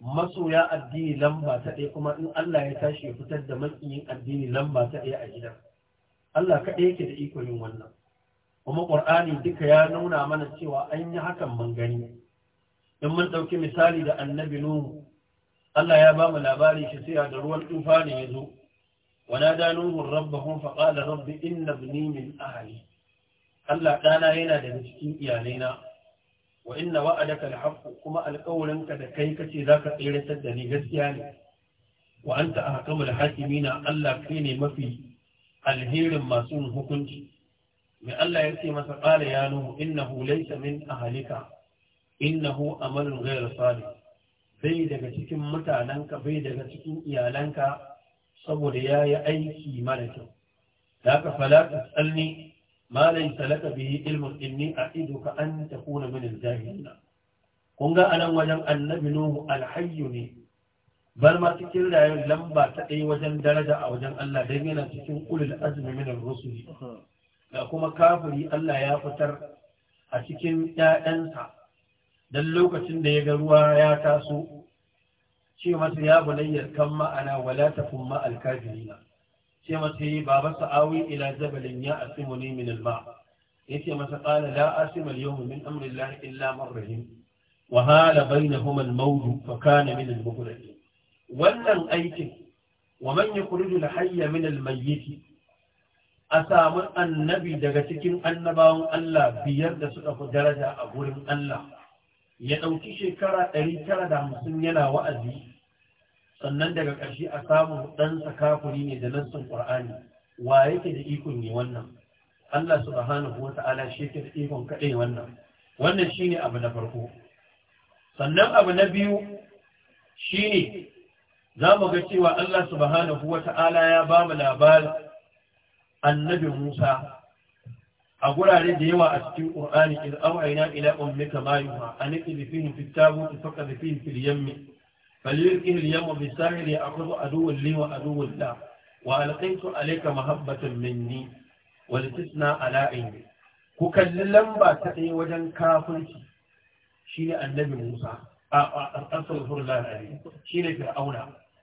masoya addini lamba ta ɗaya kuma in Allah ya tashi ya fitar da makiyin addini lamba ta ɗaya a gidan Allah kaɗai yake da iko yin wannan kuma ƙur'ani duka ya nuna mana cewa an yi hakan man gani in mun ɗauki misali da annabi nuhu Allah ya ba mu labari shi sai da ruwan tufa ne ya zo ونادى نوح ربه فقال رب إن ابني من أهلي الله دانا ينا دا نسكين إيالينا وإن وعدك الحق كما القول أنك دكيكة ذاك إيرة الدني غسياني وأنت أحكم الحاكمين الله كيني مفي الهير ما سون هكنت من الله يأتي ما قال يا نوح إنه ليس من أهلك إنه أمل غير صالح bai daga cikin mutanenka bai daga cikin iyalanka saboda ya yi aiki mara kyau da ka fala tsalni ma laisa laka bihi ilmin inni a ido ka an ta kuna mini jahilina kun ga anan wajen annabi nuhu alhayyu ne bar ma cikin rayuwar lamba ta ɗaya wajen daraja a wajen Allah dan yana cikin ulul da min ar-rusuli da kuma kafiri Allah ya fitar a cikin 'ya'yansa. dan lokacin da ya ga ruwa ya taso ce masa ya bunayyar kan ma'ana wala tafin ma alkafirina ce masa yi Awi ila jabalin ya asimu ne min alma yace masa qala la asima al min amrillahi Allah illa man rahim wa hala bainahum al-mawj fa kana min al wannan aikin wa man yukhriju al min al a samu annabi daga cikin annabawan Allah biyar da suka fi daraja a gurin Allah ya ɗauki shekara ɗari tara da hamsin yana wa'azi sannan daga ƙarshe a samu ɗansa kafuri ne da nassin ƙur'ani wa yake da ikon ne wannan Allah subhanahu wata'ala shi yake da ikon kaɗai wannan wannan shine abu na farko sannan abu na biyu shine za mu ga cewa Allah subhanahu wata'ala ya ba mu labarin annabi Musa a gurare da yawa a cikin Qur'ani idan awayna ila ummika ma yuha an ikli fihi fit tabut faqad fihi fil yammi فليلقه اليوم بالساحل أخذ عدو لي وعدو له وألقيت عليك محبة مني ولتسنى على عيني كوكل لمبا تأي وجن كافرتي شين النبي موسى أستغفر الله العظيم شين فرعون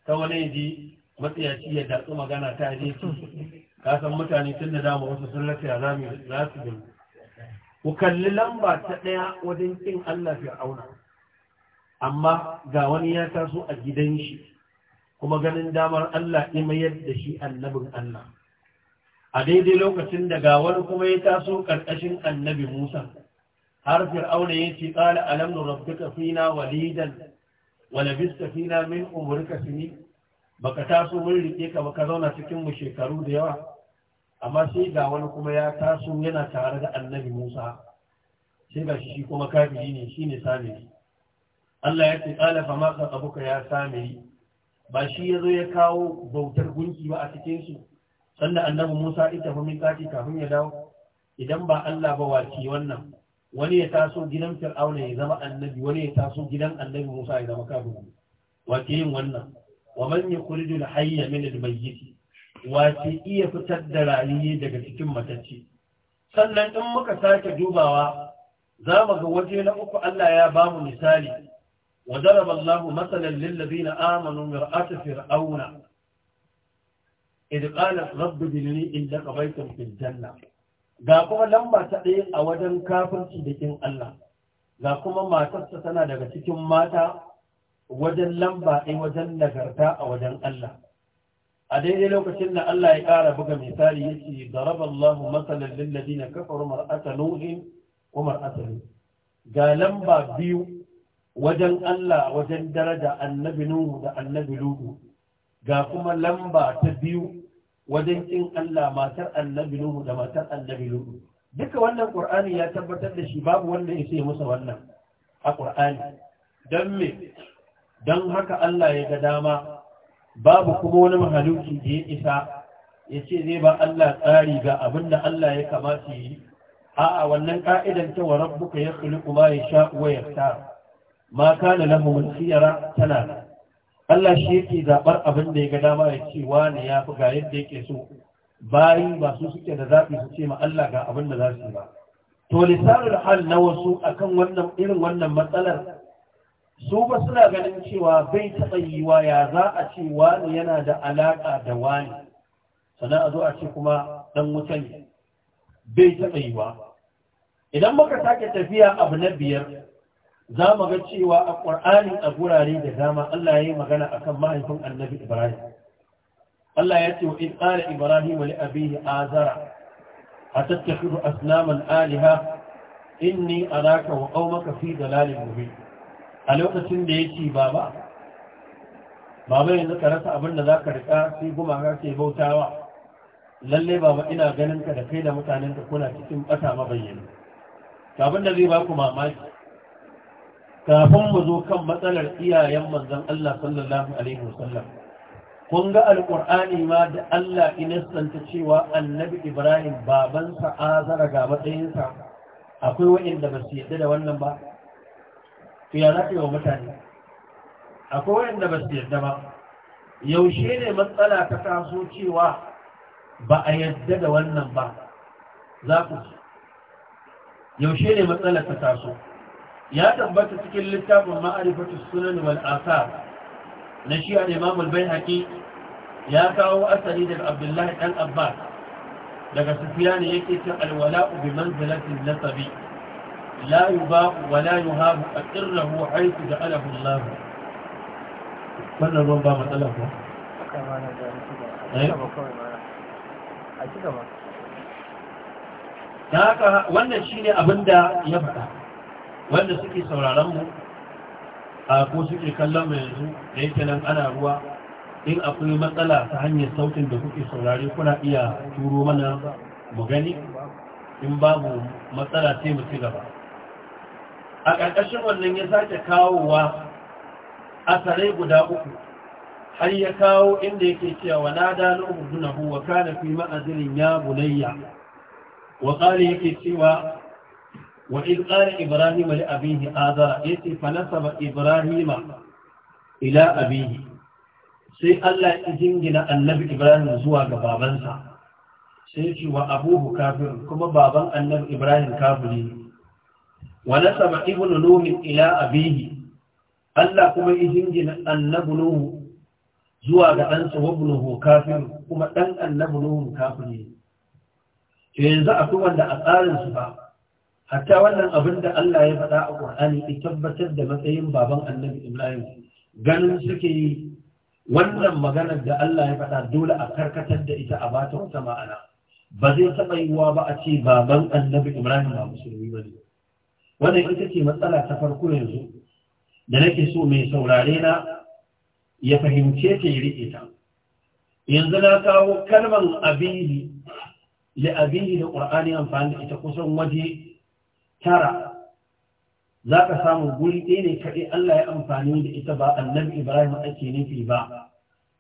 تولي دي matsayaci ya datsu magana ta je ci ka san mutane tun da dama wasu sun lafiya za su bin ku kalli lamba ta ɗaya wajen kin Allah fir'auna amma ga wani ya taso a gidan shi kuma ganin damar Allah ya mayar da shi annabin Allah a daidai lokacin da ga wani kuma ya taso ƙarƙashin annabi Musa har fir'auna ya ce qala alam nurabbika fina walidan wa labista fina min umrika sini baka taso mun rike ka baka zauna cikin mu shekaru da yawa amma sai ga wani kuma ya taso yana tare da annabi Musa sai ga shi kuma kafiri ne shine sami Allah ya ce ƙala fa maka abuka ya same ba shi ya zo ya kawo bautar gunki ba a cikin su sannan annabi Musa ita fa miƙati kafin ya dawo idan ba Allah ba wace wannan wani ya taso gidan Fir'auna ya zama annabi wani ya taso gidan annabi Musa ya zama kafin wace yin wannan wa man yukhriju al-hayya min al-mayyit wace iya fitar da rayuwa daga cikin matacce sannan in muka sake dubawa za mu ga waje na uku Allah ya ba mu misali وضرب الله مثلا للذين آمنوا مرأة فرعون إذ قالت رب بلني إنك بيت في الجنة ga kuma lamba ta ɗaya a wajen kafirci da kin Allah ga kuma matarsa tana daga cikin mata wajen lamba ɗaya wajen nagarta a wajen Allah a daidai lokacin da Allah ya ƙara buga misali ya ce daraba Allahu masalan lil ladina kafaru mar'ata nuhin wa mar'ata ga lamba biyu wajen Allah wajen daraja annabi Nuhu da annabi Luhu ga kuma lamba ta biyu wajen kin Allah matar annabi Nuhu da matar annabi Luhu duka wannan Qur'ani ya tabbatar da shi babu wanda ya sai masa wannan a Qur'ani dan me dan haka Allah ya ga dama babu kuma wani mahaluki da ya isa ya ce zai ba Allah tsari ga abin da Allah ya kamata yi a'a wannan ka'idan cewa rabbuka yakhluqu ma ya wa yaftar ma da lahum khiyara tana Allah shi yake zabar abin da ya ga dama ya ce wani ya fi ga yadda yake so bayi ba su suke da zaɓi su ce ma Allah ga abin da za su ba to lisanin hal na wasu akan wannan irin wannan matsalar su ba suna ganin cewa bai taɓa yiwa ya za a ce wani yana da alaƙa da wani sannan a zo a ce kuma ɗan wuta ne bai taɓa yiwa idan muka sake tafiya abu na biyar za mu ga cewa a ƙwar'ani a gurare da dama Allah ya yi magana a kan mahaifin annabi Ibrahim. Allah ya ce wa in ƙara Ibrahim wani abin azara a tattakiru asnaman aliha inni araka wa qaumaka fi dalalin gobe a lokacin da yake baba baba yanzu ka rasa abin da zaka rika sai kuma ka ce bautawa lalle baba ina ganin ka da kai da mutanen ka kuna cikin bata mabayyana to abin da zai ba ku mamaki kafin mu zo kan matsalar iyayen manzon Allah sallallahu alaihi wasallam kun ga alqur'ani ma da Allah inastanta cewa annabi Ibrahim babansa azara ga matsayinsa akwai wa'inda ba su yadda da wannan ba to ya yi wa mutane akwai wa'inda ba su yadda ba yaushe ne matsala ta taso cewa ba a yadda da wannan ba za ku yaushe ne matsala ta taso ya tambata cikin littafin ma'arifatu sunan wal'asa na shi al imam al baihaqi ya kawo asali daga abdullahi Ɗan abbas daga sufyan yake cewa al wala'u bi manzilati nasabi la yubaq wa la yuhab aqirrahu haythu ja'alahu Allah wannan ruwan ba matsala ko eh? a ci gaba ta haka wannan shi shine abinda ya faɗa wanda suke sauraron mu a ko suke kallon mu yanzu da yake nan ana ruwa in akwai matsala ta hanyar sautin da kuke saurari kuna iya turo mana mu gani in babu matsala sai mu ci gaba a ƙarƙashin wannan ya sake kawowa asarai guda uku har ya kawo inda yake cewa na dalo hudunahu wa kana fi ma'azinin ya bunayya wa yake cewa wa iz qala ibrahim li abihi azara yace fa nasaba ibrahima ila abihi sai Allah ya jingina annabi ibrahim zuwa ga babansa sai ce wa abubu kafir kuma baban annabi ibrahim kafiri wa nasaba ibnu nuh ila abihi Allah kuma ya jingina annabi nuh zuwa ga ɗansa wabnuhu kafin kuma ɗan annabi nuhun kafin ne yanzu akwai wanda a tsarinsu ba hatta wannan abin da Allah ya faɗa a Qur'ani ya tabbatar da matsayin baban Annabi Ibrahim ganin suke yi wannan maganar da Allah ya faɗa dole a karkatar da ita a bata wata ma'ana ba zai taɓa yiwuwa ba a ce baban Annabi Ibrahim ba musulmi ba ne wannan ita ce matsala ta farko yanzu da nake so mai saurare na ya fahimce ta yi riƙe ta yanzu na kawo kalmar abili da abili da ƙur'ani amfani da ita kusan waje tara za ka samu guri ɗaya ne kaɗai Allah ya amfani da ita ba annabi Ibrahim ake nufi ba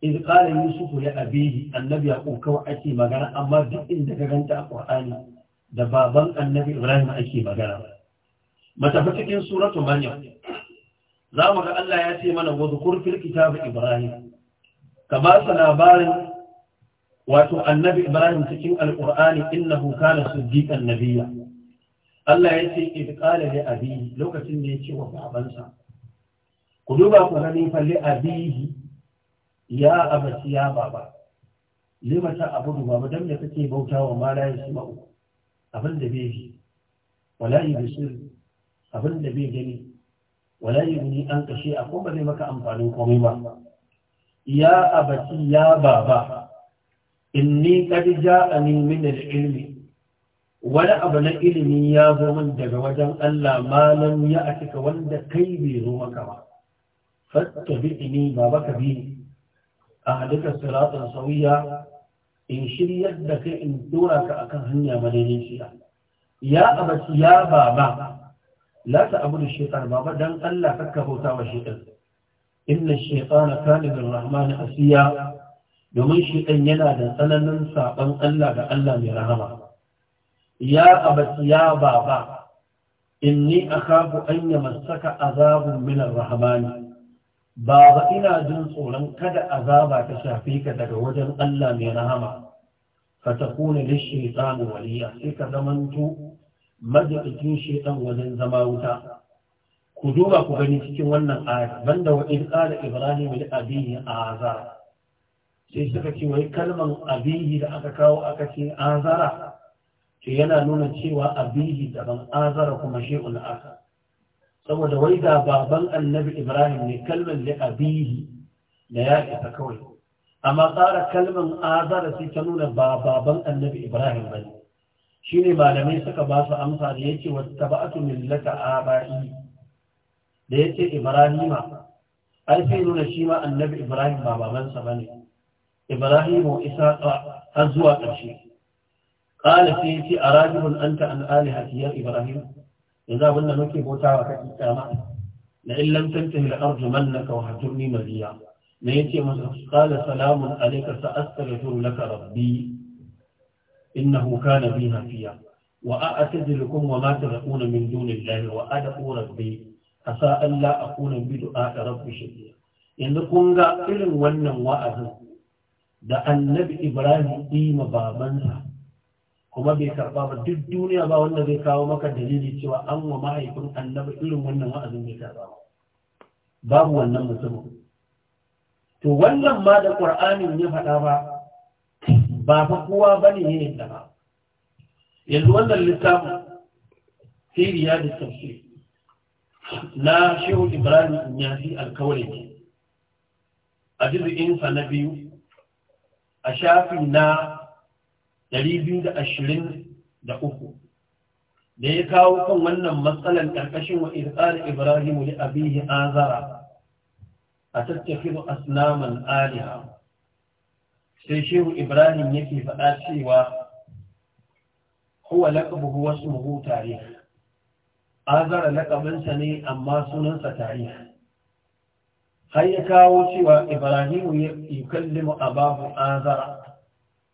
in ƙara Yusufu ya abihi annabi ya kawai ake magana amma duk inda ka ganta a Ƙur'ani da baban annabi Ibrahim ake magana matafi cikin suratu za mu ga Allah ya ce mana wasu zukur fil kitab Ibrahim ka ba su labarin wato annabi Ibrahim cikin Alƙur'ani innahu kana siddiqan nabiyya Allah ya ce idh qala li abihi lokacin da ya ce wa babansa ku duba ku gani fa li abihi ya abati ya baba lima ta abudu baba dan me kake bautawa ma la yasma'u abin da bai ji wala yubsir abin da bai gani wala ni an kashe a ko ba zai maka amfanin komai ba ya abati ya baba inni qad ja'ani min al-ilmi wani abu na ilimi ya zo min daga wajen Allah malam ya a cika wanda kai bai zo maka ba fatta bi ini ba baka bi a duka siratun sauya in shiryar da kai in dora ka akan hanya madaidaiciya ya abaci ya baba la ta abu da shekar baba dan Allah kakka bauta wa shekar inna shekana kalibin rahmani asiya domin shekan yana da tsananin saɓan Allah ga Allah mai rahama ya abati ya baba inni akhafu an yamassaka azabun min ar-rahman baba ina jin tsoron kada azaba ta shafe ka daga wajen Allah mai rahama fa takuna lish-shaytan waliya sai ka zamanto majalikin shaytan wajen zama wuta ku duba ku gani cikin wannan aya banda wa in qala ibrahim li abihi azara sai suka ce wai kalman abihi da aka kawo aka ce azara yana nuna cewa abihi daban azara kuma shi'un aka saboda wai da baban annabi ibrahim ne kalmar li abihi da ya isa kawai amma tsara kalmar azara sai ta nuna ba baban annabi ibrahim ba ne ne malamai suka ba su amsa da yace wa tabatu millata abai da yace ibrahima ai sai nuna shi ma annabi ibrahim ba babansa bane ibrahimu isa har zuwa ƙarshe kala sai yace arajibun anta an alihati ya ibrahim yanzu abin da nake bota wa kai kama na illam tantahi al ardu mannaka wa hatuni madiya na yace masa kala salamun alayka sa astaghfiru laka rabbi innahu kana bi hafiya wa a'tazilukum wa ma tad'un min dunillahi wa ad'u rabbi asa an la akuna bi du'a rabbi shadiya yanzu kun ga irin wannan wa'azin da annabi ibrahim yi ma babansa kuma bai karba ba duk duniya ba wanda zai kawo maka dalili cewa an wa mahaifin annabi irin wannan wa'azin bai karba ba babu wannan mutumin to wannan ma da qur'anin ya faɗa ba ba fa kowa bane ne da ba yanzu wannan littafin siriya da tafsir na shehu ibrahim yasi alkawari a jirgin sa na biyu a shafi na 223 da ya kawo kan wannan matsalan ƙarƙashin wa irƙari ibrahimu da abihi azara a tattafi da asnaman aliha sai shehu ibrahim yake faɗa cewa Kuwa laƙabuhu wasu muhu tarih azara laƙabinsa ne amma sunansa tare har ya kawo cewa ibrahimu ya kallimu a babu azara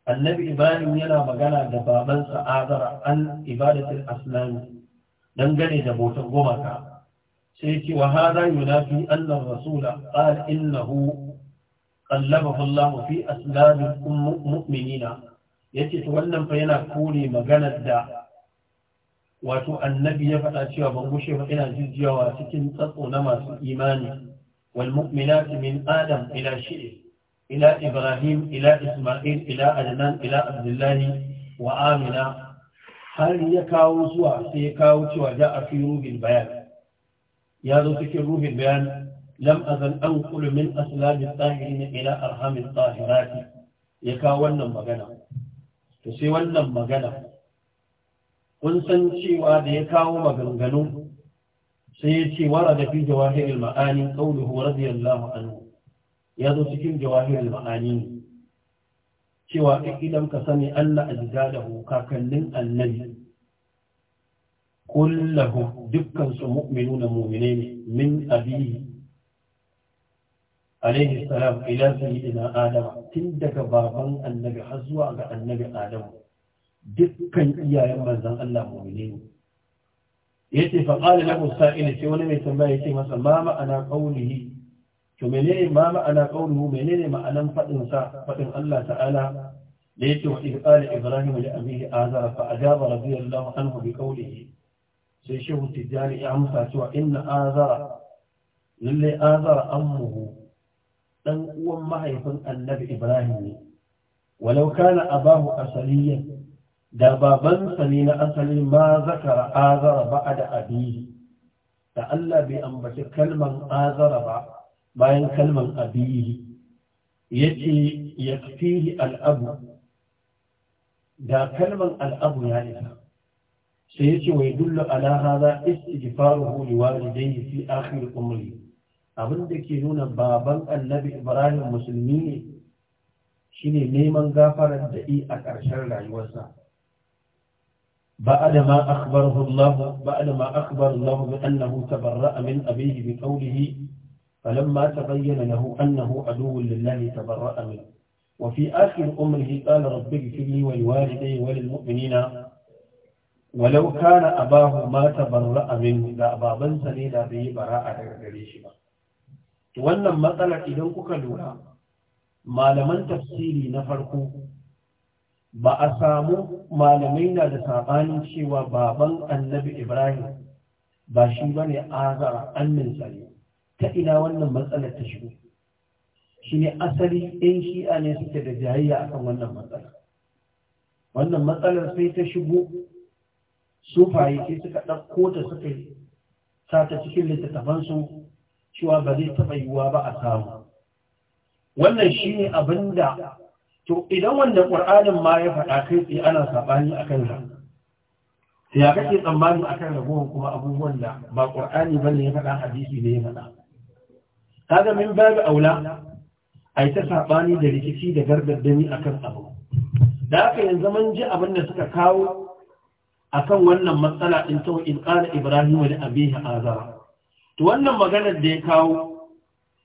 annabi ibrahim yana magana da babansa azara an ibadatul asnami dangane da bautar gumaka sai ce wa hada yunafi annar rasula qala innahu qallabahu Allah fi asnami mu'minina yace to wannan fa yana kore maganar da wato annabi ya faɗa cewa ban gushe ba ina jujjuyawa cikin tsatso na masu imani wal mu'minati min adam ila shi'i إلى إبراهيم إلى إسماعيل إلى أدنان إلى عبد الله وآمنة هل يكاو سوى سيكاو سوى جاء في روح البيان يا ذو فكر روح البيان لم أزل أنقل من أسلاب الطاهرين إلى أرحام الطاهرات يكاو النم مغنى تسوى النم مغنى قلسن سوى يكاو مغنغنون سيتي ورد في جواهر المعاني قوله رضي الله عنه ya zo cikin jawahirul ma'ani cewa idan ka sani Allah azgadahu kallin annabi kullahu dukkan su mu'minuna ne, min abihi alaihi salam ila sayyidina adam tun daga baban annabi har zuwa ga annabi adam dukkan iyayen manzon Allah mu'mini ne yace fa qala lahu sa'il sai wani mai tambaya yace masa ma ma'ana qawlihi to menene ma ma'ana qawluhu menene ma'anan faɗin sa Allah ta'ala da yake wa qala ibrahim li abihi azara fa ajaba radiyallahu anhu bi qawlihi sai shehu tijjani ya amsa cewa inna azara lalle azara ammuhu dan uwan mahaifin annabi ibrahim ne walau kana abahu asaliyan da Baban Sani na asali ma zakara azara ba'a da abihi da Allah bai ambaci kalman azara ba bayan kalman abihi yace yakfihi al'abu da kalman al'abu ya isa sai yace wa yadullu ala hadha istighfaruhu liwalidayhi fi akhir umri abin da ke nuna baban annabi ibrahim musulmi ne shine neman gafarar da a ƙarshen rayuwarsa بعد ما أخبره الله بعد ما أخبر الله بأنه تبرأ من أبيه بقوله فلما تبين له أنه عدو لله تبرأ منه وفي آخر أمره قال رب اغفر لي ولوالدي وللمؤمنين ولو كان أباه ما تبرأ منه bara a سنيدا به براءة غريشبا wannan matsalar idan kuka lura malaman tafsiri na farko ba a samu malamai na da sabanin cewa baban annabi ibrahim ba shi ba ne azara annin sare ta ina wannan matsalar ta shigo shi ne asali ɗin shi'a ne suke da jayayya akan wannan matsalar wannan matsalar sai ta shigo sufaye sai suka ɗauko ta suka yi ta cikin littattafansu cewa ba zai taɓa yiwuwa ba a samu wannan shi ne abin da to idan wanda ƙwar'anin ma ya faɗa kai tsaye ana saɓani a kan ya kake tsammani a kan ragowar kuma abubuwan da ba ƙur'ani ba ne ya faɗa hadisi ne ya faɗa kaga min babu aula a ta saɓani da rikici da gargardami a kan abu da haka yanzu mun ji abin da suka kawo a kan wannan matsala in ta in ƙara ibrahim da abihi azara to wannan maganar da ya kawo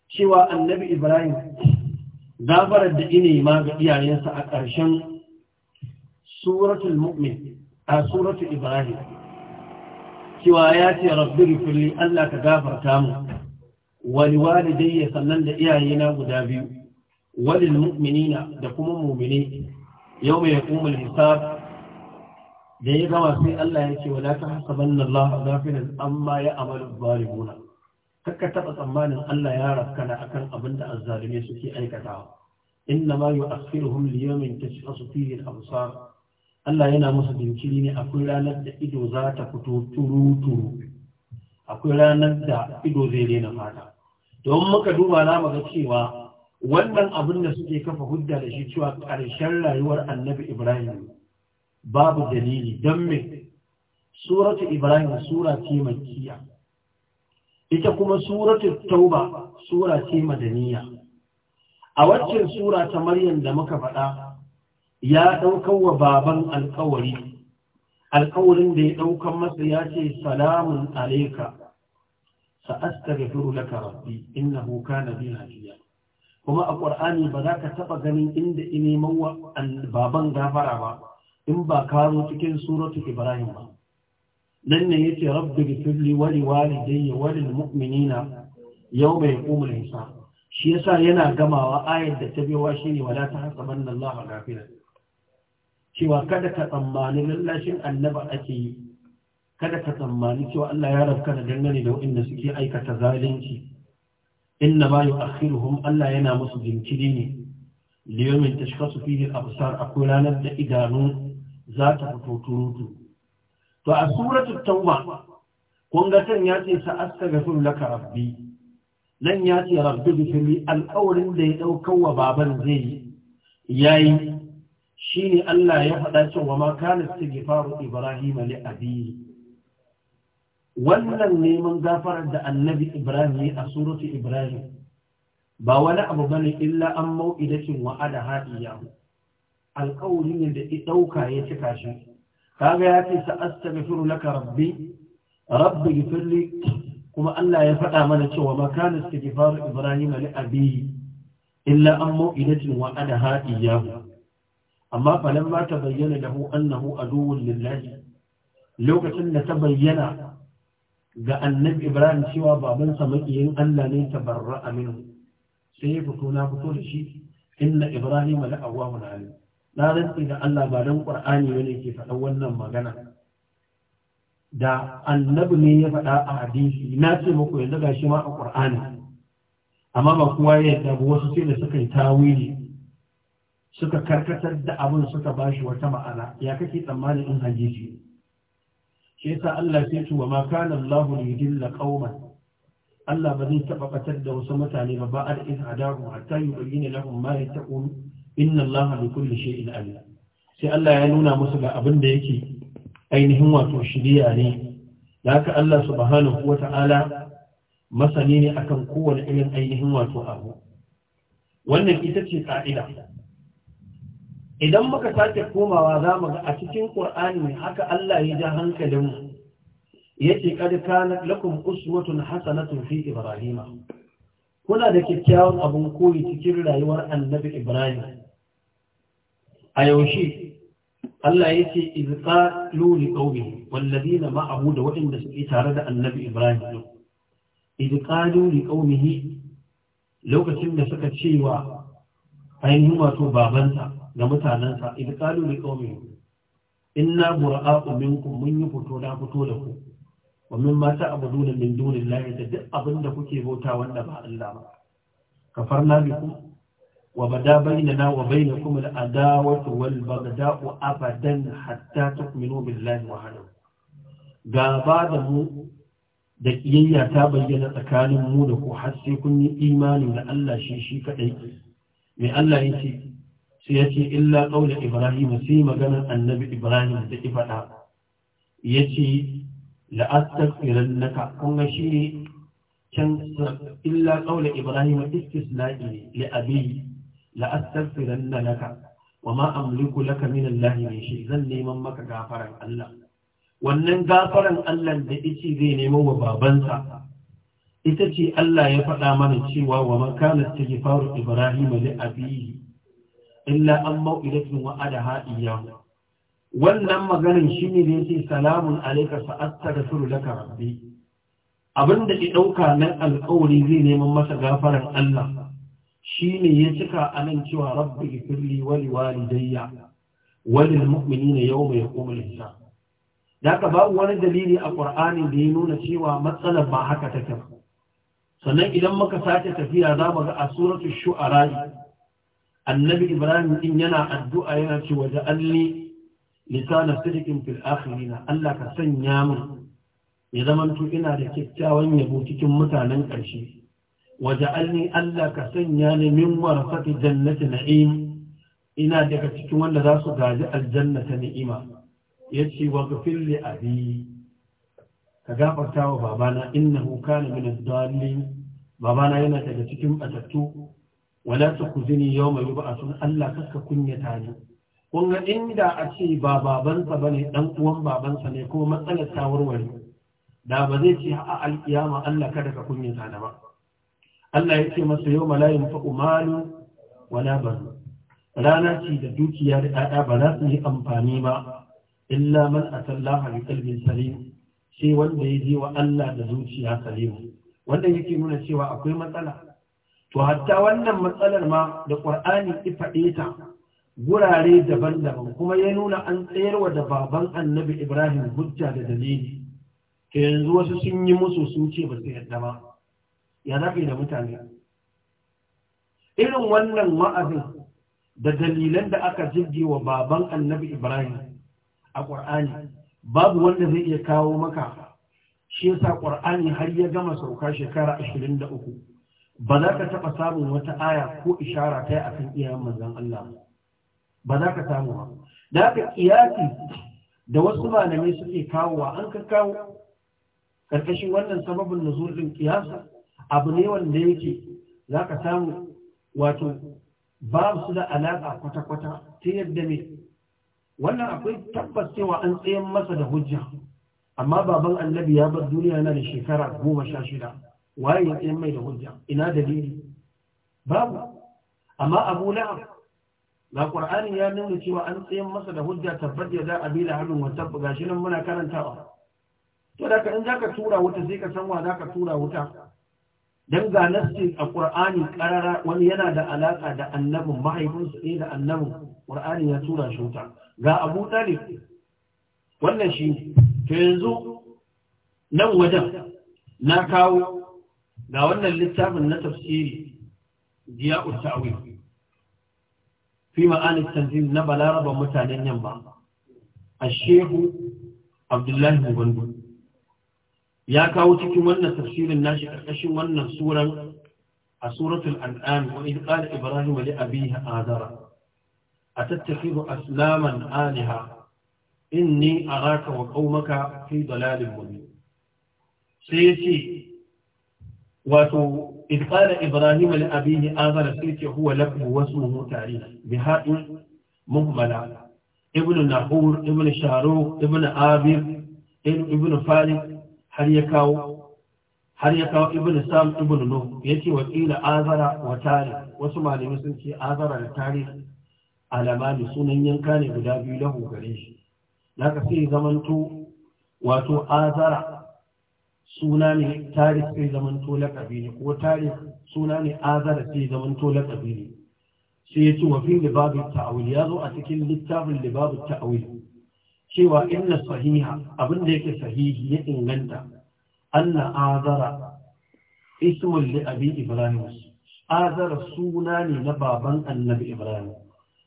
cewa annabi ibrahim gafarar da ine ma ga iyayensa a ƙarshen suratul mu'min a suratul ibrahim cewa ya ce rabbi rifirli allah ka gafarta mu waliwalidayya sannan da iyayena guda biyu walil mu'minina da kuma mu'mini yau mai yakumul hisab da ya gama sai Allah ya ce wala ta hasabanna Allah ghafilan amma ya amalu zalimuna kakka taɓa tsammanin Allah ya raskana akan abin da azzalime suke aikatawa inna ma yu'akhiruhum li ta tashkhasu fihi al-absar Allah yana musu jinkiri ne akwai ranar da ido za ta fito turuturu akwai ranar da ido zai daina fata don muka duba za mu ga cewa wannan abin da suke kafa hudda da shi cewa ƙarshen rayuwar annabi ibrahim babu dalili don me suratu ibrahim sura ce makiya ita kuma suratu tauba sura ce madaniya a waccan sura ta maryam da muka faɗa ya ɗaukar wa baban alkawari alkawarin da ya ɗaukan masa ya ce salamun alaika sa'astaghfiru laka rabbi innahu kana na hafiya kuma a ƙur'ani ba za ka taɓa ganin inda neman wa baban gafara ba in ba karo cikin suratu ibrahim ba nan ne yace rabbi ghfirli wa li ya wa lil mu'minina yawma yaqumul hisab shi yasa yana gamawa ayar da ta biyo shine wala tahsabanna allaha ghafilan cewa kada ka tsammani lallashin annaba ake yi kada ka tsammani cewa Allah ya rafka da dangane da waɗanda suke aikata zalunci inna ma yu'akhiruhum Allah yana musu jinkiri ne liyomin su fihi a absar akwai ranar da idanu za ta fito turutu to a suratu tauba kun ya ce sa astaghfiru laka rabbi nan ya ce rabbi bi fili alƙawarin da ya ɗaukar wa baban zai yi yayi shi ne Allah ya faɗa cewa ma kana istighfaru Ibrahim li wannan neman gafarar da annabi Ibrahim a suratu Ibrahim ba wani abu bane illa an mau'idatin wa'ada hadiya alƙawari ne da ɗauka ya cika shi kaga ya ce sa'astaghfiru laka rabbi rabbi ghfirli kuma Allah ya faɗa mana cewa ma kana istighfaru Ibrahim li abihi illa an mau'idatin wa'ada hadiya amma falamma ta bayyana lahu annahu aduwwun lillahi lokacin da ta bayyana ga annabi Ibrahim cewa babansa makiyin Allah ne ta tabarra aminu sai ya fito na fito da shi inna Ibrahim la awwahun alim na rantsi da Allah ba dan Qur'ani bane ke faɗa wannan magana da annabi ne ya faɗa a hadisi na ce muku yanzu gashi ma a Qur'ani amma ba kowa ya yarda ba wasu sai da suka yi tawili suka karkatar da abin suka bashi wata ma'ana ya kake tsammanin in hadisi shi yasa Allah ya ce wa ma kana Allahu yudilla qauman Allah ba zai taba da wasu mutane ba ba da in hadahu hatta yubayyana lahum ma yattaqun inna Allaha bi kulli shay'in alim sai Allah ya nuna musu ga abin da yake ainihin wato shiriya ne da haka Allah subhanahu wata'ala masani ne akan kowane irin ainihin wato abu wannan ita ce ka'ida idan muka sake komawa za mu ga a cikin ƙur'ani haka Allah ya ja hankalinmu ya ce ƙad kana lakum uswatun hasanatun fi ibrahima kuna da kyakkyawan abin koyi cikin rayuwar annabi ibrahim a yaushe Allah ya ce iz qalu li wallazina ma'ahu da waɗanda suke tare da annabi ibrahim iz qalu li lokacin da suka cewa ainihin wato babansa ga mutanensa idan kalu li qaumi inna bura'u minkum mun yi fito na fito da ku wa min ma ta'buduna min dunillahi da duk abin da kuke bauta wanda ba Allah ba kafarna bikum wa bada bainana wa bainakum al-adawatu wal baghda'u abadan hatta tu'minu billahi wahdahu gaba da mu da kiyayya ta bayyana tsakanin mu da ku har sai kun yi imani da Allah shi shi kadai Me Allah yake sai ya ce illa ƙaula ibrahim sai maganar annabi ibrahim da ki faɗa ya ce la'astaghfiran na ka. Kuma shi ne can illa ƙaula ibrahim istisna'i ne li abi na ka. wa ma amliku laka min Allah shi zan neman maka gafaran Allah wannan gafaran Allah da ice zai nemo wa babansa ita ce Allah ya faɗa mana cewa wa makanar kana istighfaru ibrahim li abihi illa an mau'idatin wa adaha iyyahu wannan maganin shine da yake salamun alayka da astaghfiru laka rabbi da ke ɗauka nan alƙawari zai neman masa gafaran Allah shine ya cika anan cewa rabbi ighfirli wa liwalidayya wa lil mu'minina yawma yaqumul hisab daka babu wani dalili a Qur'ani da ya nuna cewa matsalar ba haka take sannan idan muka sace tafiya za mu ga a suratul shu'ara annabi ibrahim din yana addu'a yana cewa ja'alni lisana sidikin fil akhirina Allah ka sanya min ya zamanto ina da kyakkyawan yabo cikin mutanen ƙarshe alli, Allah ka sanya ni min warasati jannati na'im ina daga cikin wanda za su gaji aljanna ta ni'ima ce wa ghafir li ka gafarta wa babana innahu kana min ad babana yana daga cikin batattu wala tukhzini a yub'athun Allah kaka kunyata ni Kunga inda a ce ba babansa ne, dan uwan babansa ne kuma matsalar ta warware da ba zai ce a alkiyama Allah kada ka kunyata da ba Allah ce masa yau la yanfa'u malu wala banu rana ce da dukiya da ɗaɗa ba za su yi amfani ba illa man atallaha bi qalbin salim sai wanda ya je wa Allah da zuciya salimu wanda yake nuna cewa akwai matsala to hatta wannan matsalar ma da ƙwar'ani ki ta gurare daban-daban kuma ya nuna an tsayarwa da baban annabi ibrahim hujja da dalili to yanzu wasu sun yi musu su ce ba su yadda ba ya zafi da mutane irin wannan wa'azin da dalilan da aka jirge wa baban annabi ibrahim a ƙwar'ani babu wanda zai iya kawo maka shi yasa ƙwar'ani har ya gama sauka shekara ashirin da ba za ka taɓa samun wata aya ko ishara ta yi a kan iyayen manzan Allah ba za ka samu ba da haka kiyasi da wasu malamai suke kawo wa an ka kawo karkashin wannan sababin na din kiyasa abu ne wanda yake za ka samu wato ba su da alaƙa kwata-kwata ta yadda me wannan akwai tabbas cewa an tsayen masa da hujja amma baban annabi ya bar duniya na da shekara goma sha shida waye ya tsayin mai da hujja ina dalili babu amma abu la'am ga ya nuna cewa an tsayin masa da hujja tabbat ya za a bi da hannun wata shi nan muna karantawa to da ka in zaka tura wuta sai ka san wa ka tura wuta dan ga a ƙur'ani karara wani yana da alaka da annabin mahaifinsa ne da annabin Ƙur'ani ya tura shi wuta ga abu wannan shi to yanzu nan wajen na kawo ga wannan littafin na tafsiri diya ta'wil fi ma'anin tanzim na balaraba mutanen yamma a shehu abdullahi mubandu ya kawo cikin wannan tafsirin nashi ƙarƙashin wannan suran a suratul an'am wa idh qala ibrahim li abihi azara atattakhidhu aslaman alaha inni araka wa qaumaka fi dalalin mubin sai yace wato idkala ibrahim al-abihi azara sai ce huwa lafu wasu tare bi haɗin muhmala ibn nahur ibn sharu ibn abir ibn farid har ya kawo har ya kawo ibn sam ibn nuh yace wakila azara wa tari. wasu malami sun ce azara da tare alamani sunan yanka ne guda biyu lahu gare shi zaka sai zamanto wato azara suna ne tarihi zai zaman tola laƙabi ko tarihi suna ne azara sai zaman tola laƙabi sai ya ce wafin fi ta'awil ya zo a cikin littafin libabu ta'awil cewa inna sahiha abin da yake sahihi ya inganta anna azara ismul li abi ibrahim azara suna ne na baban annabi ibrahim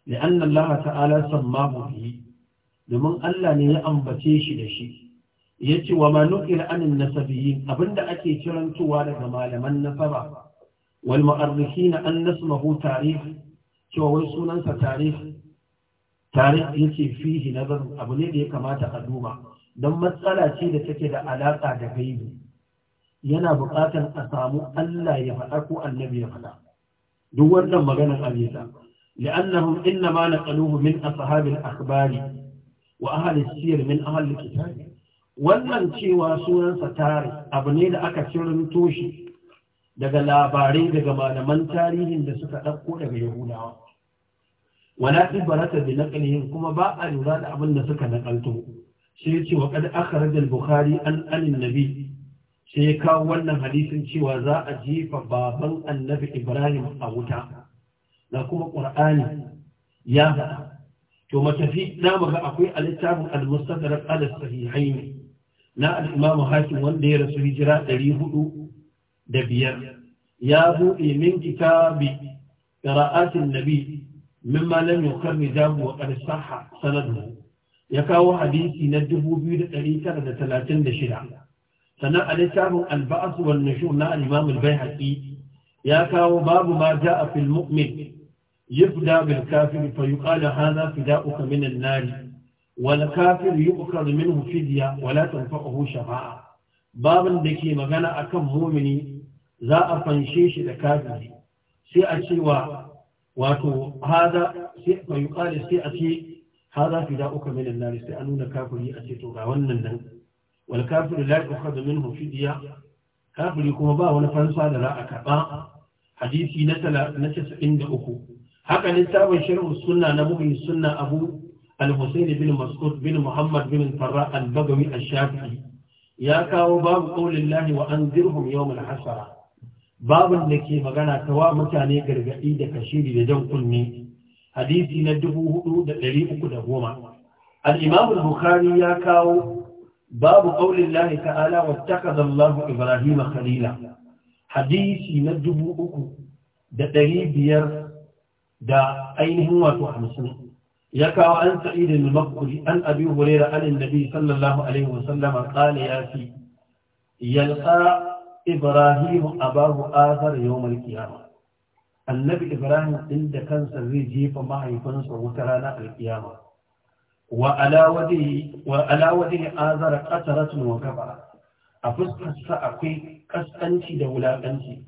لأن الله تعالى سماه به domin Allah ne ya ambace shi da shi Ya ce wa ma nuqila anin nasabiyyin abinda ake kirantuwa daga malaman nasaba wal na an nasmahu tarihi" cewa wai sunansa tarikh tarikh yace fihi nazar abu ne da ya kamata a duba don matsala ce da take da alaƙa da gaibi yana buƙatar a samu Allah ya faɗa ko annabi ya faɗa duk wannan maganar abisa لأنهم إنما نقلوه من أصحاب الأخبار وأهل السير من أهل الكتاب wannan cewa sunansa tare abu ne da aka cirin toshi daga labarai daga malaman tarihin da suka ɗauko daga yahudawa wala ibarata bi naqlihim kuma ba a lura da abin da suka nakalto sai yace wa qad akhraj al-bukhari an an-nabi sai ya kawo wannan hadisin cewa za a jefa baban annabi ibrahim a wuta da kuma qur'ani ya faɗa to matafi na maga akwai a littafin al-mustadrak al-sahihaini na al'imamu hakim wanda ya rasu hijira ɗari hudu da biyar ya buɗe min kitabi ƙara'atin nabi min malam yaukar rijabu wa sanadu ya kawo hadisi na dubu biyu da tara da talatin da shida sannan a littafin alba'as wal nushur na al-imam al ya kawo babu ma ja'a fil mu'min yubda bil kafir fa hana hadha fida'uka min an-nar wal kafir yuqkar minhu fidya wa la tanfa'uhu shafa'a babin da ke magana akan mumini za a fanshe shi da kafiri sai a cewa wato hada sai fa yuqali sai a ce hada fida'uka min an-nar sai a kafiri a ce to wannan nan wal kafir la yuqkar minhu fidya kafiri kuma ba wani fansa da a hadisi na haka littafin sharh sunna na mu'min abu al-Husayn bin Mas'ud bin Muhammad bin Farra al-Bagawi al-Shafi'i ya kawo babu qaulin lahi wa anzirhum yawm al-hasara babun da ke magana ta wa mutane gargadi da kashiri da jan kunne hadisi na 4310 da goma. al-Bukhari ya kawo babu qaulin lahi ta'ala wattakhadha Allahu Ibrahima khalila hadisi na dubu uku biyar da ainihin wato hamsin ya kawo an sa'id al-maqburi an abi hurairah an annabi sallallahu alaihi wasallam qala ya fi yalqa ibrahim abahu Azar yawm al-qiyamah annabi ibrahim inda kansa zai jefa mahaifinsa wata rana al-qiyamah wa ala azar wa wa gaba. a fuskarsa akwai ƙasƙanci da wulaƙanci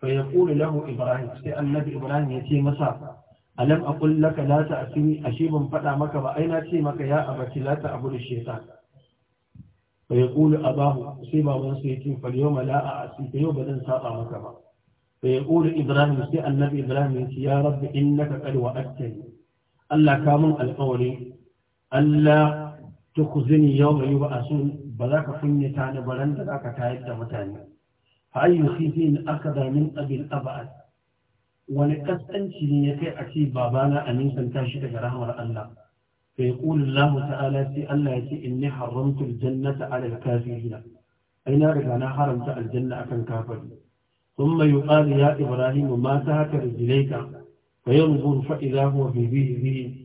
fa ya ƙuri lahu ibrahim sai annabi ibrahim ya ce masa alam aqul laka la ta'sini ashe ban faɗa maka ba ai na ce maka ya abati la ta'budu shaytan fa yaqulu abahu sai baban sai yace fal yawma la a'si yau ba zan saba maka ba fa yaqulu ibrahim sai annabi ibrahim yace ya rabbi innaka qad wa'adtani Allah ka mun alƙawari Allah tukhzini yawma yub'asun ba za ka kunyata ni baran da za ka tayar da mutane fa ayyu khizin akada min abil abad wani kaskanci ne ya kai a ce babana a nisan tashi daga rahmar Allah fa yaqulu ta'ala sai Allah ya ce inni haramtu al-jannata 'ala al-kafirin ai na riga na haramta aljanna akan kafiri thumma yuqalu ya ibrahim ma tahaka rijlaika fayanzur fa idha huwa fi bihi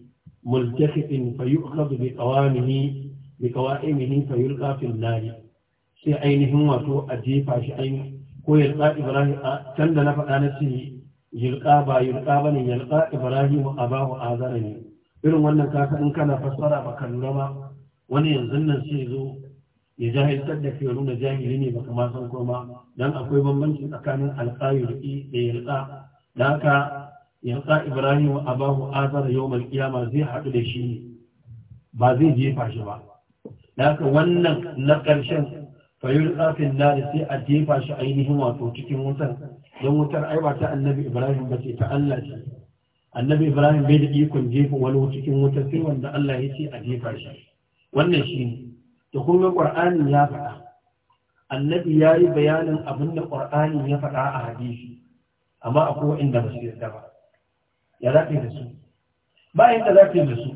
ملتخف فيؤخذ بقوامه بقوائمه فيلقى في النار sai ainihin wato a jefa shi ainihin ko ya ibrahim a can da na faɗa na ce yulqa ba yulqa bane yalqa ibrahim abahu azara ne irin wannan kaka in kana fassara ba lura ba wani yanzu nan sai zo ya jahiltar da fiye nuna jahili ne baka ma san koma dan akwai bambanci tsakanin alqa yulqi da yalqa da haka ibrahim abahu azara yawmal qiyama zai haɗu da shi ne ba zai jefa shi ba da haka wannan na ƙarshen fayil fin nari sai a jefa shi ainihin wato cikin wutan don wutar ai ba ta annabi ibrahim ba ce ta allah ce annabi ibrahim bai da ikon jefa wani cikin wutar sai wanda allah ya ce a jefa shi wannan shi ne da kuma ƙwar'ani ya faɗa annabi ya yi bayanin abin da ƙwar'ani ya faɗa a hadisi amma akwai waɗanda ba su yarda ba ya zaɓe da su bayan da zaɓe da su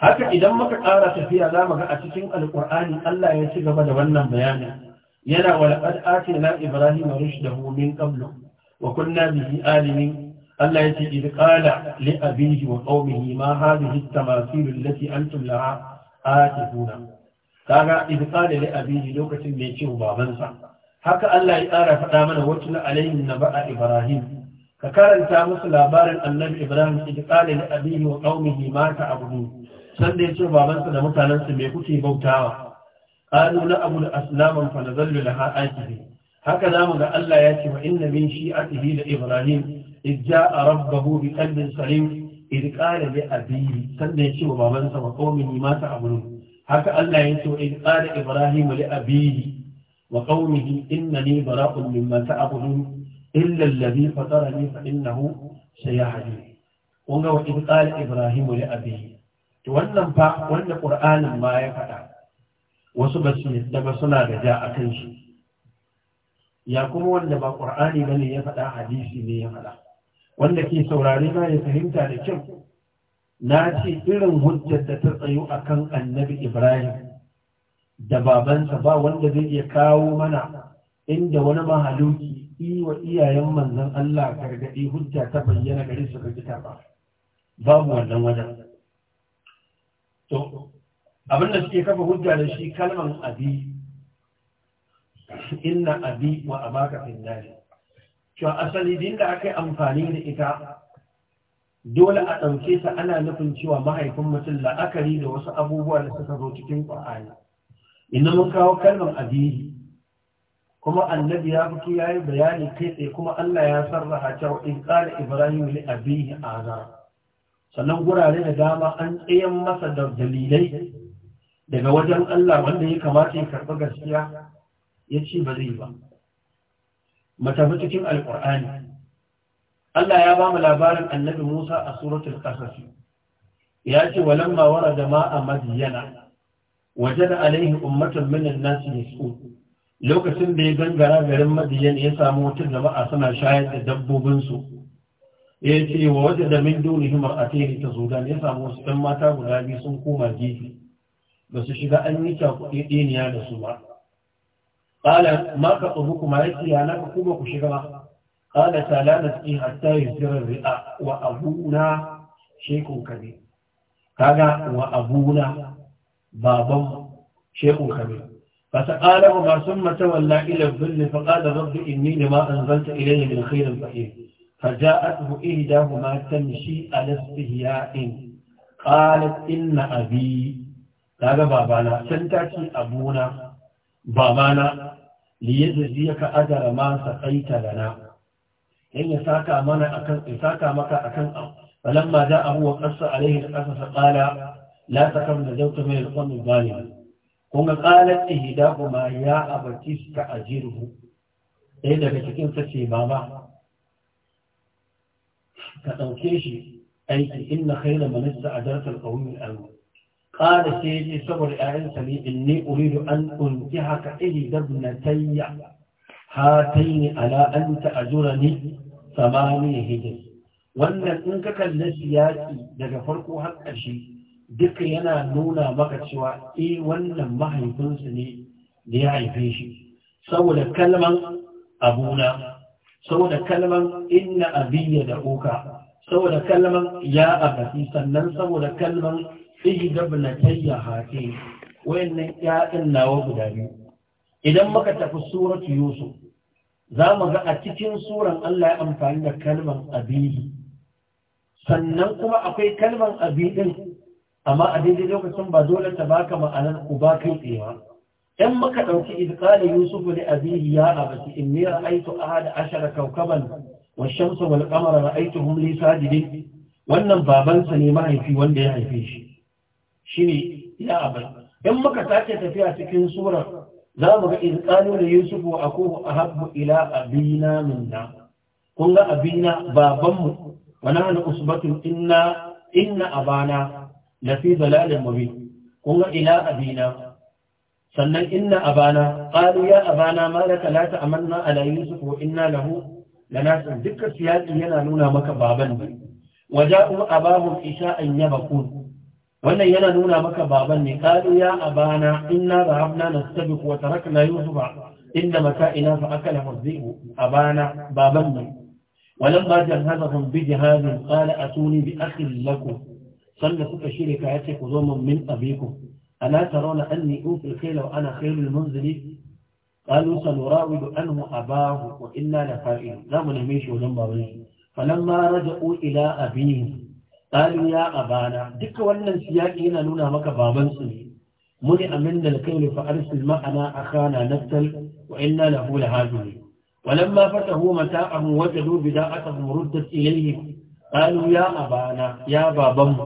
haka idan muka ƙara tafiya za mu ga a cikin alƙur'ani allah ya ci gaba da wannan bayanin yana walaƙad ake na ibrahim da min qablu wa kunna bihi alimin Allah ya ce idh qala li abihi wa ƙaumihi ma hadhihi at-tamasil allati antum laha atifuna kaga idh qala li abihi lokacin da ya ce babansa haka Allah ya ƙara faɗa mana wacin alayhi ba'a ibrahim ka karanta musu labarin annabi ibrahim idh qala li abihi wa ƙaumihi ma ta'budun sanda ya ce babansa da mutanensa me kuke bautawa قالوا نعبد أسلاما فنظل لها آتبين هكذا من الله ياتي وإن من شيعته لإبراهيم إذ جاء ربه بقلب سليم إذ قال لأبيه سنة وبابنسى وقومه ما تعبدون هكا الله ياتي إذ قال إبراهيم لأبيه وقومه إنني براء مما تعبدون إلا الذي فطرني فإنه سيهدين وإذ قال إبراهيم لأبيه wannan fa wanda ƙur'anin ma ya faɗa wasu ba su yadda ba suna da ja a kan shi ya kuma wanda ba ƙur'ani ba ne ya faɗa hadisi ne ya faɗa wanda ke saurari ma ya fahimta da kyau na ce irin hujjar da ta tsayo a kan annabi ibrahim da babansa ba wanda zai iya kawo mana inda wani mahaluki yi wa iyayen manzan Allah gargaɗi hujja ta bayyana gare su ga ba babu wannan wajen abinda suke kafa hujja da shi kalman abi inna abi wa abaka finnari cewa asali din da aka yi amfani da ita dole a ɗauke ta ana nufin cewa mahaifin mutum la'akari da wasu abubuwa da suka zo cikin ƙwa'ani inda mun kawo kalman abihi kuma annabi ya fito ya yi bayani kai tsaye kuma Allah ya sarraha cewa in ƙara ibrahim li abihi azar sannan gurare da dama an tsayan masa da dalilai daga wajen Allah wanda ya kamata ya karɓi gaskiya ya ce ba zai ba matafi cikin alƙur'ani Allah ya ba mu labarin annabi Musa a suratul qasas ya ce walamma Madiyana. ma'a madyana wajada alaihi ummatan min an-nas yasqu lokacin da ya gangara garin madiyan ya samu mutum da ma'a suna shayar da dabbobin su ya ce wa wajada min a ra'atayn tazudan ya samu wasu 'yan mata guda biyu sun koma gefe ba su shiga an yi cakuɗe da su ba ƙala ma ka tsohu kuma ya ce yana ka kuma ku shiga ba ƙala tala na tsi hatta yi zirar ri'a wa abuna shekun kabe kaga wa abuna baban shekun kabe فتقال وما ثم تولى إلى الظل فقال رب إني لما أنزلت إليه من خير فقير فجاءته إهداهما تمشي على in قالت إن أبي ga babana can ta ce abuna babana li yajzi ka ajara ma da na. in ya saka mana akan ya saka maka akan falamma ja'a huwa qassa alaihi qasasa qala la takam najawta min al-qawmi zalim kun ga qalat ihdaquma ya abati sta'jirhu ɗaya daga cikin sa ce baba ka ɗauke shi aiki inna khayra man ista'jarta a qawmi al-amin قال سيجي صبر أعين سليم إني أريد أن أنتهك إلي ابنتي هاتين على أن تأجرني ثمانية هجر wannan in ka kalli siyasi daga farko har ƙarshe duk yana nuna maka cewa eh wannan mahaifinsu ne da ya haife shi saboda kalman abuna saboda kalman inna abiyya da oka saboda kalman ya abati sannan saboda kalman ihda ibnatayya hatin wayannan ƴaƴan nawa guda biyu idan muka tafi suratu yusuf za mu ga a cikin suran Allah ya amfani da kalman abihi sannan kuma akwai kalman abidin amma a daidai lokacin ba dole ta baka ma'anar uba kai tsewa in muka ɗauki idkala yusuf da abihi ya abati inni ra'aytu ahada ashara kawkaban wa shamsa wal qamara ra'aytuhum li sajidin wannan babansa ne mahaifi wanda ya haife shi shine ya abin in muka sake tafiya cikin tsoron, za mu ga izkalu da yusuf wa akuhu ahabbu ila abina minna kun ga abina babanmu wani nahnu usbatun inna inna abana Na fi dalalin mabi. kun ga ila abina sannan inna abana qalu ya abana ma da laka a manna ala yusuf wa inna lahu lanasir dukkan siyasi yana nuna maka baban ne waja'u abahum yaba yabqun wannan yana nuna maka baban ne kalu ya abana inna rahabna ta raka na yusufa inda mata ina fa akala hazibu abana baban ne walam ba jahadahum bi jihadin qala atuni bi akhil lakum sanna kuka shirika yace ku zo min min abikum ana tarawna anni ufi khayla wa ana khayrul munzili قالوا سنراود عنه أباه وإنا لفائل لا من هميش ولم بابيه فلما رجعوا إلى أبيهم ƙalin ya a bana duka wannan siyaƙi yana nuna maka babansu ne muni amin da kai ne fa arsil ma'ana akhana naftal wa inna lahu la hadihi walamma fatahu mata'ahum wajadu bida'atahum ruddat ilayhi qalu ya abana ya baban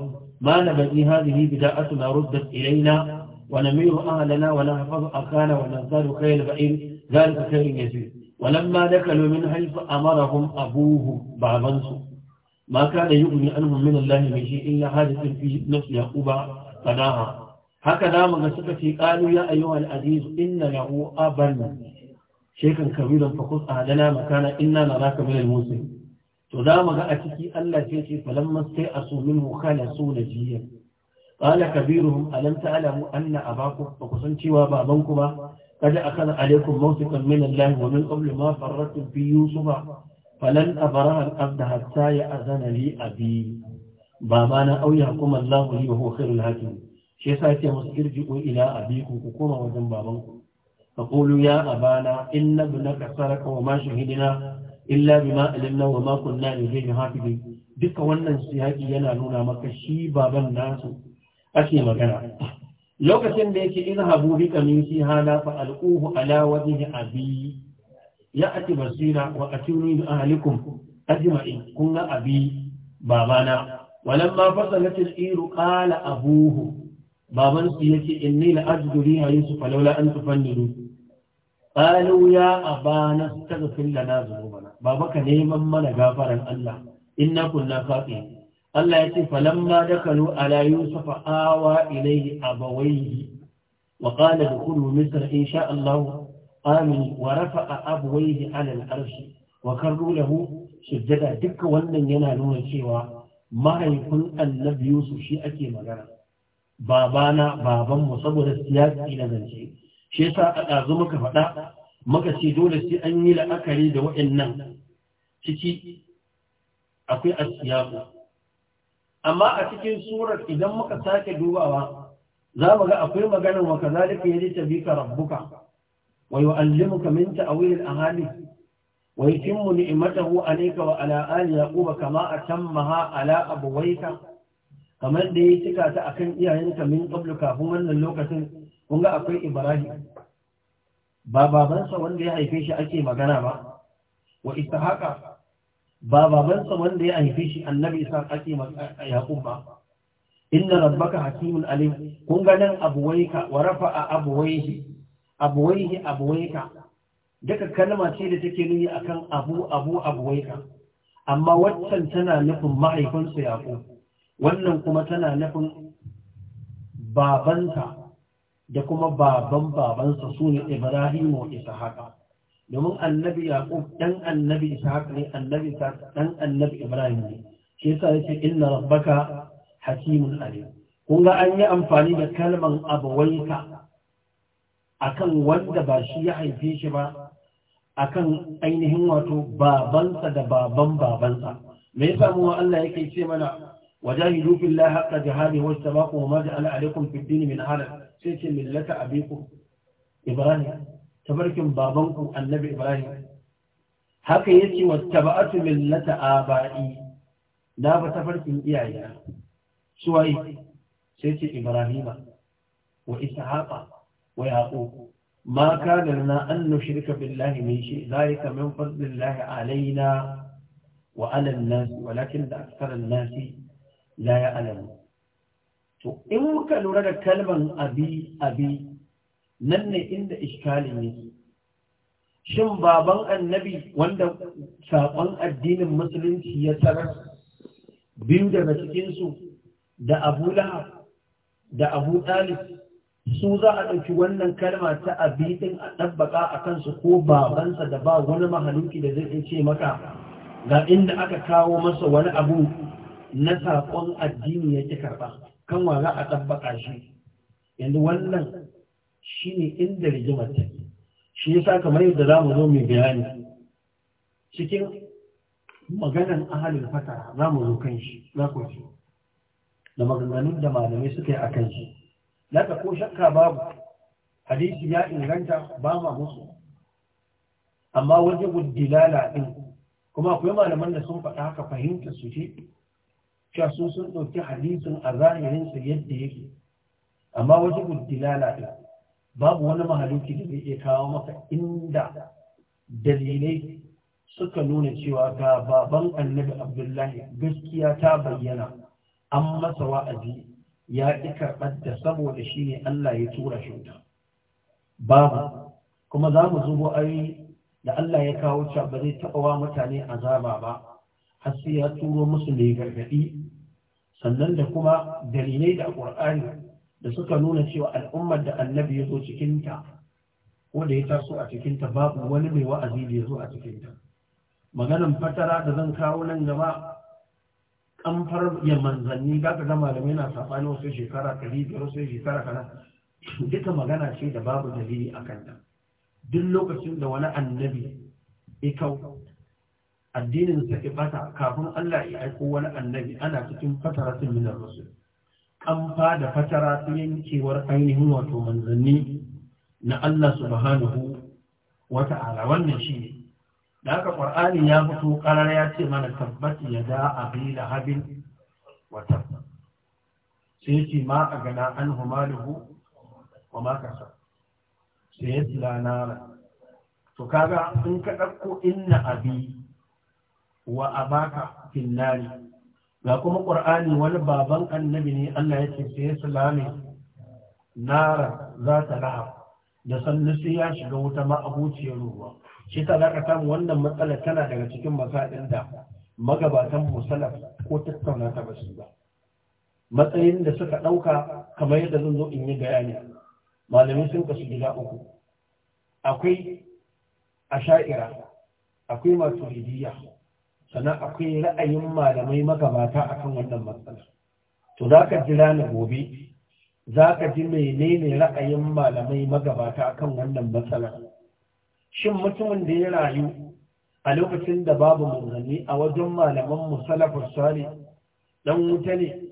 ma na bani hadihi bida'atuna ruddat ilayna wa namiru ahlana wa nahfazu akhana wa nazaru khayl ba'in zalika khayl yasir walamma dakalu min haythu amarahum abuhu babansu ما كان يغني عنهم من الله من شيء إلا حادث في نفس يعقوب قناها هكذا من سكت قالوا يا أيها العزيز إن له أبا شيخا كبيرا فخذ أهلنا مكانا إنا نراك من المسلم تدام أتكي ألا تيتي فلما استيأسوا منه خلصوا نجيا قال كبيرهم ألم تعلموا أن أباكم فقسنتي وبابنكما قد أخذ عليكم موثقا من الله ومن قبل ما فرطتم في يوسف falan abaraha al abda hatta ya azana li abi baba na auya kuma Allah li wa huwa khairul shi yasa yake musu irji'u ila abiku ku koma wajen na فقولوا يا أبانا shahidina, ابنك سرق وما شهدنا إلا بما علمنا وما كنا لغير حافظين duka wannan siyaki yana nuna maka shi baban nasu ake magana lokacin da yake izhabu bi kamisi hana fa alquhu ala wajhi abi ya ati basira wa cikin bi ahlikum ajma'in kun ga abi babana walamma fasalat al-ir qala abuhu baban su yace inni la ajdu riha yusuf Falola an tufannidu qalu ya abana astaghfir mana. Baba babaka neman mana gafaran Allah inna kunna faɗi. Allah ya ce falamma dakalu ala yusufa awa ilayhi abawayhi wa qala dukhulu misr in sha Allah آمين ورفع أبويه على العرش وكروا له سجدا دك ولن ينالون سوى ما يكون النبي يوسف شيء أكي مغانا بابانا بابا مصبر السياق إلى ذنسي شيء ساعة أعظمك فتا maka ce dole sai an yi la'akari da waɗannan ciki akwai asiyaku amma a cikin surar idan muka sake dubawa za mu ga akwai maganar wa kazalika yadda ta ka rabbuka ويؤلمك من تأويل الأهالي ويتم نعمته عليك وعلى آل يعقوب كما أتمها على أبويك kamar da ya cika ta akan iyayenka min qablu kafin wannan lokacin kun ga akwai Ibrahim ba babansa wanda ya haife shi ake magana ba wa Ishaqa ba babansa wanda ya haife shi Annabi Isa ake Yaqub ba inna rabbaka hakimun alim kun ga nan abuwaika wa rafa'a abuwaihi abuwaihi abuwaika duka kalma ce da take nuni akan abu abu abuwaika amma waccan tana nufin mahaifinsu yaƙo wannan kuma tana nufin babanta da kuma baban babansa su ne ibrahimu ishaqa domin annabi yaƙo ɗan annabi ishaqa ne annabi ɗan annabi ibrahim ne shi yasa ce inna rabbaka hakimun alim kun ga an yi amfani da kalman abuwaika akan wanda ba shi ya haife shi ba akan ainihin wato babansa da baban babansa me yasa mu Allah yake ce mana wajahidu billahi haqqa jihadi wastabaqu wa ma ja'ala alaykum fid din min Halal, sai ce millata abikum ibrahim tabarkin babanku annabi ibrahim haka yace wattaba'atu millata aba'i na ba tafarkin iyaye suwaye sai ce ibrahima wa ishaqa wa yaqub ma kana lana an nushrika billahi min shay zalika min fadlillahi alaina wa ala an walakin da akthara to in muka lura da kalman abi abi nan ne inda iskalin ne. shin baban annabi wanda saƙon addinin musulunci ya tarar biyu daga cikinsu da abu lahab da abu ɗalib su za a ɗauki wannan kalma ta abidin a ɗabbaƙa a kansu ko babansa da ba wani mahaluki da zai ce maka ga inda aka kawo masa wani abu na saƙon addini yake karɓa kan wa za a ɗabbaƙa shi yanzu wannan shi ne inda rigimar ta shi ya sa kamar yadda za mu zo mai bayani cikin maganan ahalin fata za mu zo kan shi za ku da maganganun da malamai suka yi a kan shi Laka ko shakka babu, hadisi ya inganta ba ma musu. Amma waje dilala ɗin, kuma akwai malaman da sun faɗa haka fahimta su ce, cewa sun ɗauki hadisin a zahirinsa yadda yake, amma waje dilala ɗin, babu wani mahaluki da zai iya kawo maka inda dalilai suka nuna cewa ga baban annabi abdullahi gaskiya ta bayyana an masa wa'azi ya ƙi karɓar da saboda shi ne Allah ya tura shi babu kuma za mu zubo ayi da Allah ya kawo cewa ba zai taɓa wa mutane azaba ba har sai ya turo musu ne gargaɗi sannan da kuma dalilai da ƙur'ani da suka nuna cewa al'ummar da annabi ya zo cikinta ko da ya taso a cikinta babu wani mai wa'azi da ya zo a cikinta maganan fatara da zan kawo nan gaba kamfar ya manzanni za ka ga malamai na safani wasu shekara ɗari biyar wasu shekara kana duka magana ce da babu dalili a kanta duk lokacin da wani annabi ya kau addinin sa bata kafin Allah ya aiko wani annabi ana cikin fataratun minar rasul kamfa da fatara ta yankewar ainihin wato manzanni na Allah subhanahu wa ta'ala wannan shi ne da haka ƙwar'ani ya fito ƙarar ya ce mana tabbati ya da abi habin wata sai ce ma a gana an humaluhu wa makasa sai ya tila nara to kaga in ka ɗauko inna abi wa abaka finnari ga kuma ƙur'ani wani baban annabi ne Allah ya ce sai salami nara za ta lahab da sannu sai ya shiga wuta ma abuciyar ruwa shi ta za ka samu wannan matsalar tana daga cikin masaɗin da magabatan musalaf ko tattauna ta basu ba matsayin da suka ɗauka kamar yadda zan zo in yi bayani malamai sun kasu gida uku akwai asha'ira akwai maturidiyya sannan akwai ra'ayin malamai magabata akan wannan matsala to za ka jira na gobe za ka ji menene ra'ayin malamai magabata akan wannan matsala shin mutumin da ya rayu a lokacin da babu manzanni a wajen malaman musalafar sali dan wuta ne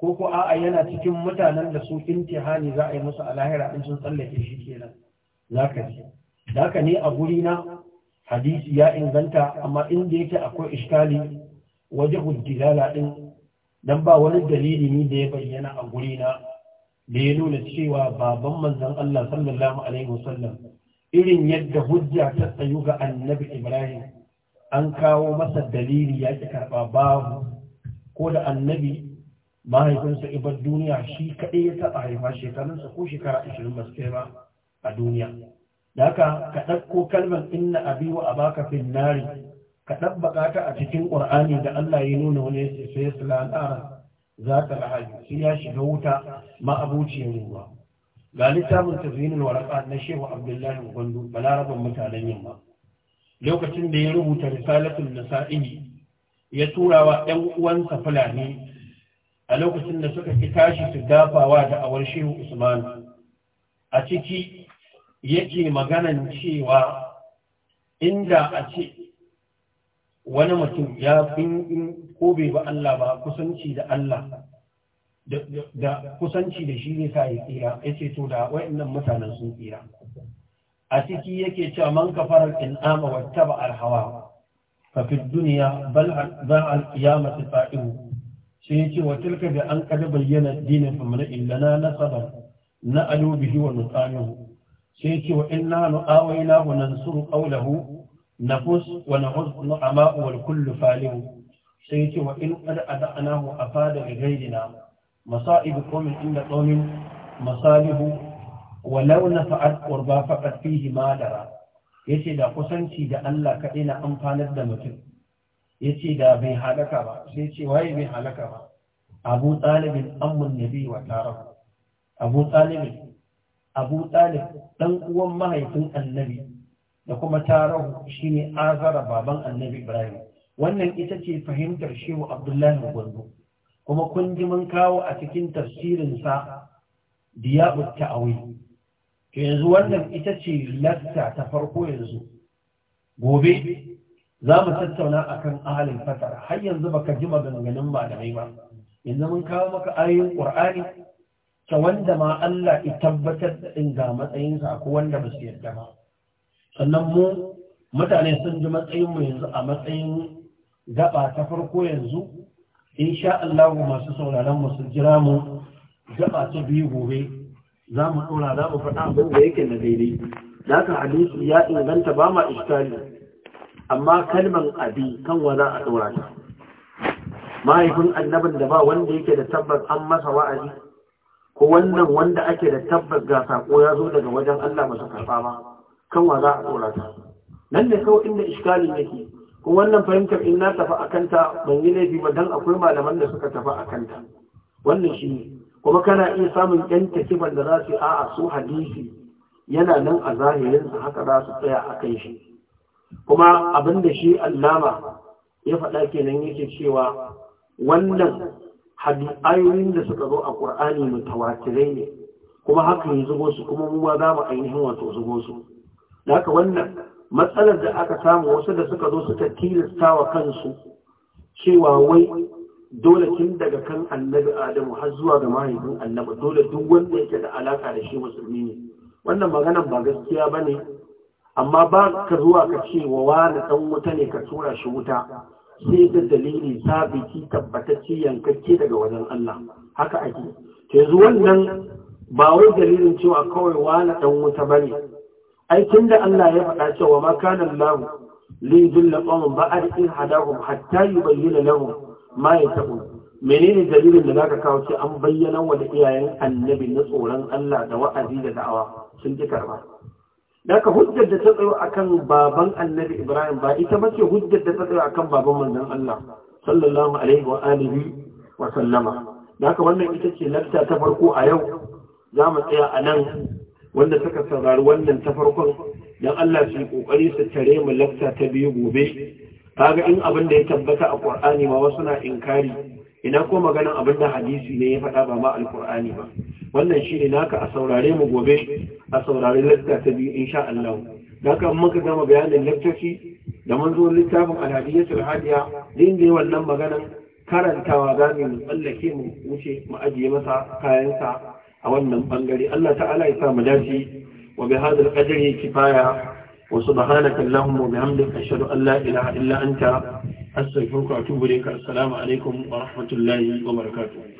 ko ko a'a yana cikin mutanen da su intihani za a yi musu alahira lahira in sun tsallake shi kenan za ka ji Za ka ne a guri na hadisi ya inganta amma inda yake akwai iskali waje hujjilala din dan ba wani dalili ne da ya bayyana a guri na da ya nuna cewa baban manzon Allah sallallahu alaihi wasallam irin yadda hujja ta tsayu ga annabi ibrahim an kawo masa dalili ya ki karɓa babu ko da annabi mahaifinsa ibar duniya shi kaɗai ya taɓa haifa shekarunsa ko shekara ashirin ba su ba a duniya da haka ka ɗauko kalmar inna abi wa fin nari ka ɗabbaka ta a cikin ƙur'ani da Allah ya nuna wani sai ya sula za ta lahaji sai ya shiga wuta ma abuciyar ruwa ga littafin tafsirin waraka na shehu abdullahi gwandu balarabin mutanen yamma lokacin da ya rubuta risalatul nasa'i ya tura wa ɗan uwansa fulani a lokacin da suka ki tashi su dafawa da awar shehu usman a ciki yake maganan cewa inda a ce wani mutum ya ko bai ba Allah ba kusanci da Allah da kusanci da shi zai sa ya tsira ya ce to da wa'annan mutanen sun tsira a ciki yake caman man kafarar in'ama wata ba'ar hawa kafin duniya bal al-qiyamati fa'ihu sai yace wa tilka bi an kada bayyana dinin fa mana illana nasaban na alu bihi wa nutanihu sai yace wa nu'awai na wa nansuru qawlahu nafus wa nahuz nu'ama wal kullu falihu sai yace wa in qad adanahu afada bi ghayrina مصائب قوم عند قوم مصالح ولو نفعت قربا فقد فيه ما درى yace da kusanci da Allah kaɗai na amfanar da mutum yace da bai halaka ba sai ce waye bai halaka ba abu talibin ammun nabi wa tarahu abu talibin abu talib dan uwan mahaifin annabi da kuma tarahu shine azara baban annabi ibrahim wannan ita ce fahimtar shehu abdullahi gwanzo kuma kun ji mun kawo a cikin tafsirinsa ta ta'awi to yanzu wannan ita ce lakta ta farko yanzu gobe za mu tattauna akan ahalin fatar har yanzu baka ji maganganun malamai ba yanzu mun kawo maka ayoyin qur'ani ta wanda ma Allah ya tabbatar da din ga matsayinsa ko wanda ba su yarda ba sannan mu mutane sun ji matsayin mu yanzu a matsayin gaba ta farko yanzu In insha Allah masu sauraron mu su jira mu gaba ta biyu gobe za mu ɗora za mu faɗa abin da yake na daidai da ka hadisi ya inganta ba ma iskali amma kalman abi kan wa za a ɗora ta mahaifin annabin da ba wanda yake da tabbas an masa wa'azi ko wannan wanda ake da tabbas ga sako ya zo daga wajen Allah masa karɓa ba kan wa za a ɗora ta nan ne kawai inda iskalin yake kuma wannan fahimtar in na tafi akanta ban yi laifi ba don akwai malaman da suka tafi akanta wannan shi ne kuma kana iya samun yan takiban da za su a'a su hadisi yana nan a zahirin haka za su tsaya a kan shi kuma abin da shi allama ya faɗa kenan yake cewa wannan ayoyin da suka zo a ƙur'ani mutawatirai ne kuma haka ya zubo su kuma mu ba za mu ainihin wato zubo su da haka wannan matsalar da aka samu wasu da suka zo suka tilasta wa kansu cewa wai dole tun daga kan annabi adamu har zuwa ga mahaifin annabi dole duk wanda yake da alaka da shi musulmi ne wannan maganan ba gaskiya ba ne amma ba ka zuwa ka ce wa wani ɗan wuta ne ka tura shi wuta sai da dalili sabiti tabbatacce yankakke daga wajen Allah haka ake yanzu wannan ba wai dalilin cewa kawai wani ɗan wuta ba ne aikin da Allah ya faɗa cewa ma kana Allah li yudilla qawman ba'ad in hadahum hatta yubayyana lahum ma yatabu menene dalilin da zaka kawo ce an bayyana wa da iyayen annabi na tsoron Allah da wa'azi da da'awa sun ji karba daga hujjar da ta tsayo akan baban annabi Ibrahim ba ita ba ce hujjar da ta tsayo akan baban manzon Allah sallallahu alaihi wa alihi wa sallama daga wannan ita ce lakta ta farko a yau za mu tsaya a nan wanda suka saurari wannan ta farkon don Allah su yi kokari su tare mu lafta ta biyu gobe kaga in abin da ya tabbata a Qur'ani ma wasu na inkari ina ko maganan abin da hadisi ne ya faɗa ba ma Alkur'ani ba wannan shine naka a saurare mu gobe a saurari biyu ta biyu insha Allah haka muka gama bayanin laftaci da mun zo littafin alhadiyatul hadiya din da wannan maganan karantawa za mu tsallake mu wuce mu ajiye masa kayansa a wannan bangare Allah ta'ala ya sa mu dace wa bi hadha al-qadri kifaya wa subhanaka allahumma wa bihamdika ashhadu an la ilaha illa anta astaghfiruka wa atubu ilayka assalamu alaikum wa rahmatullahi wa barakatuh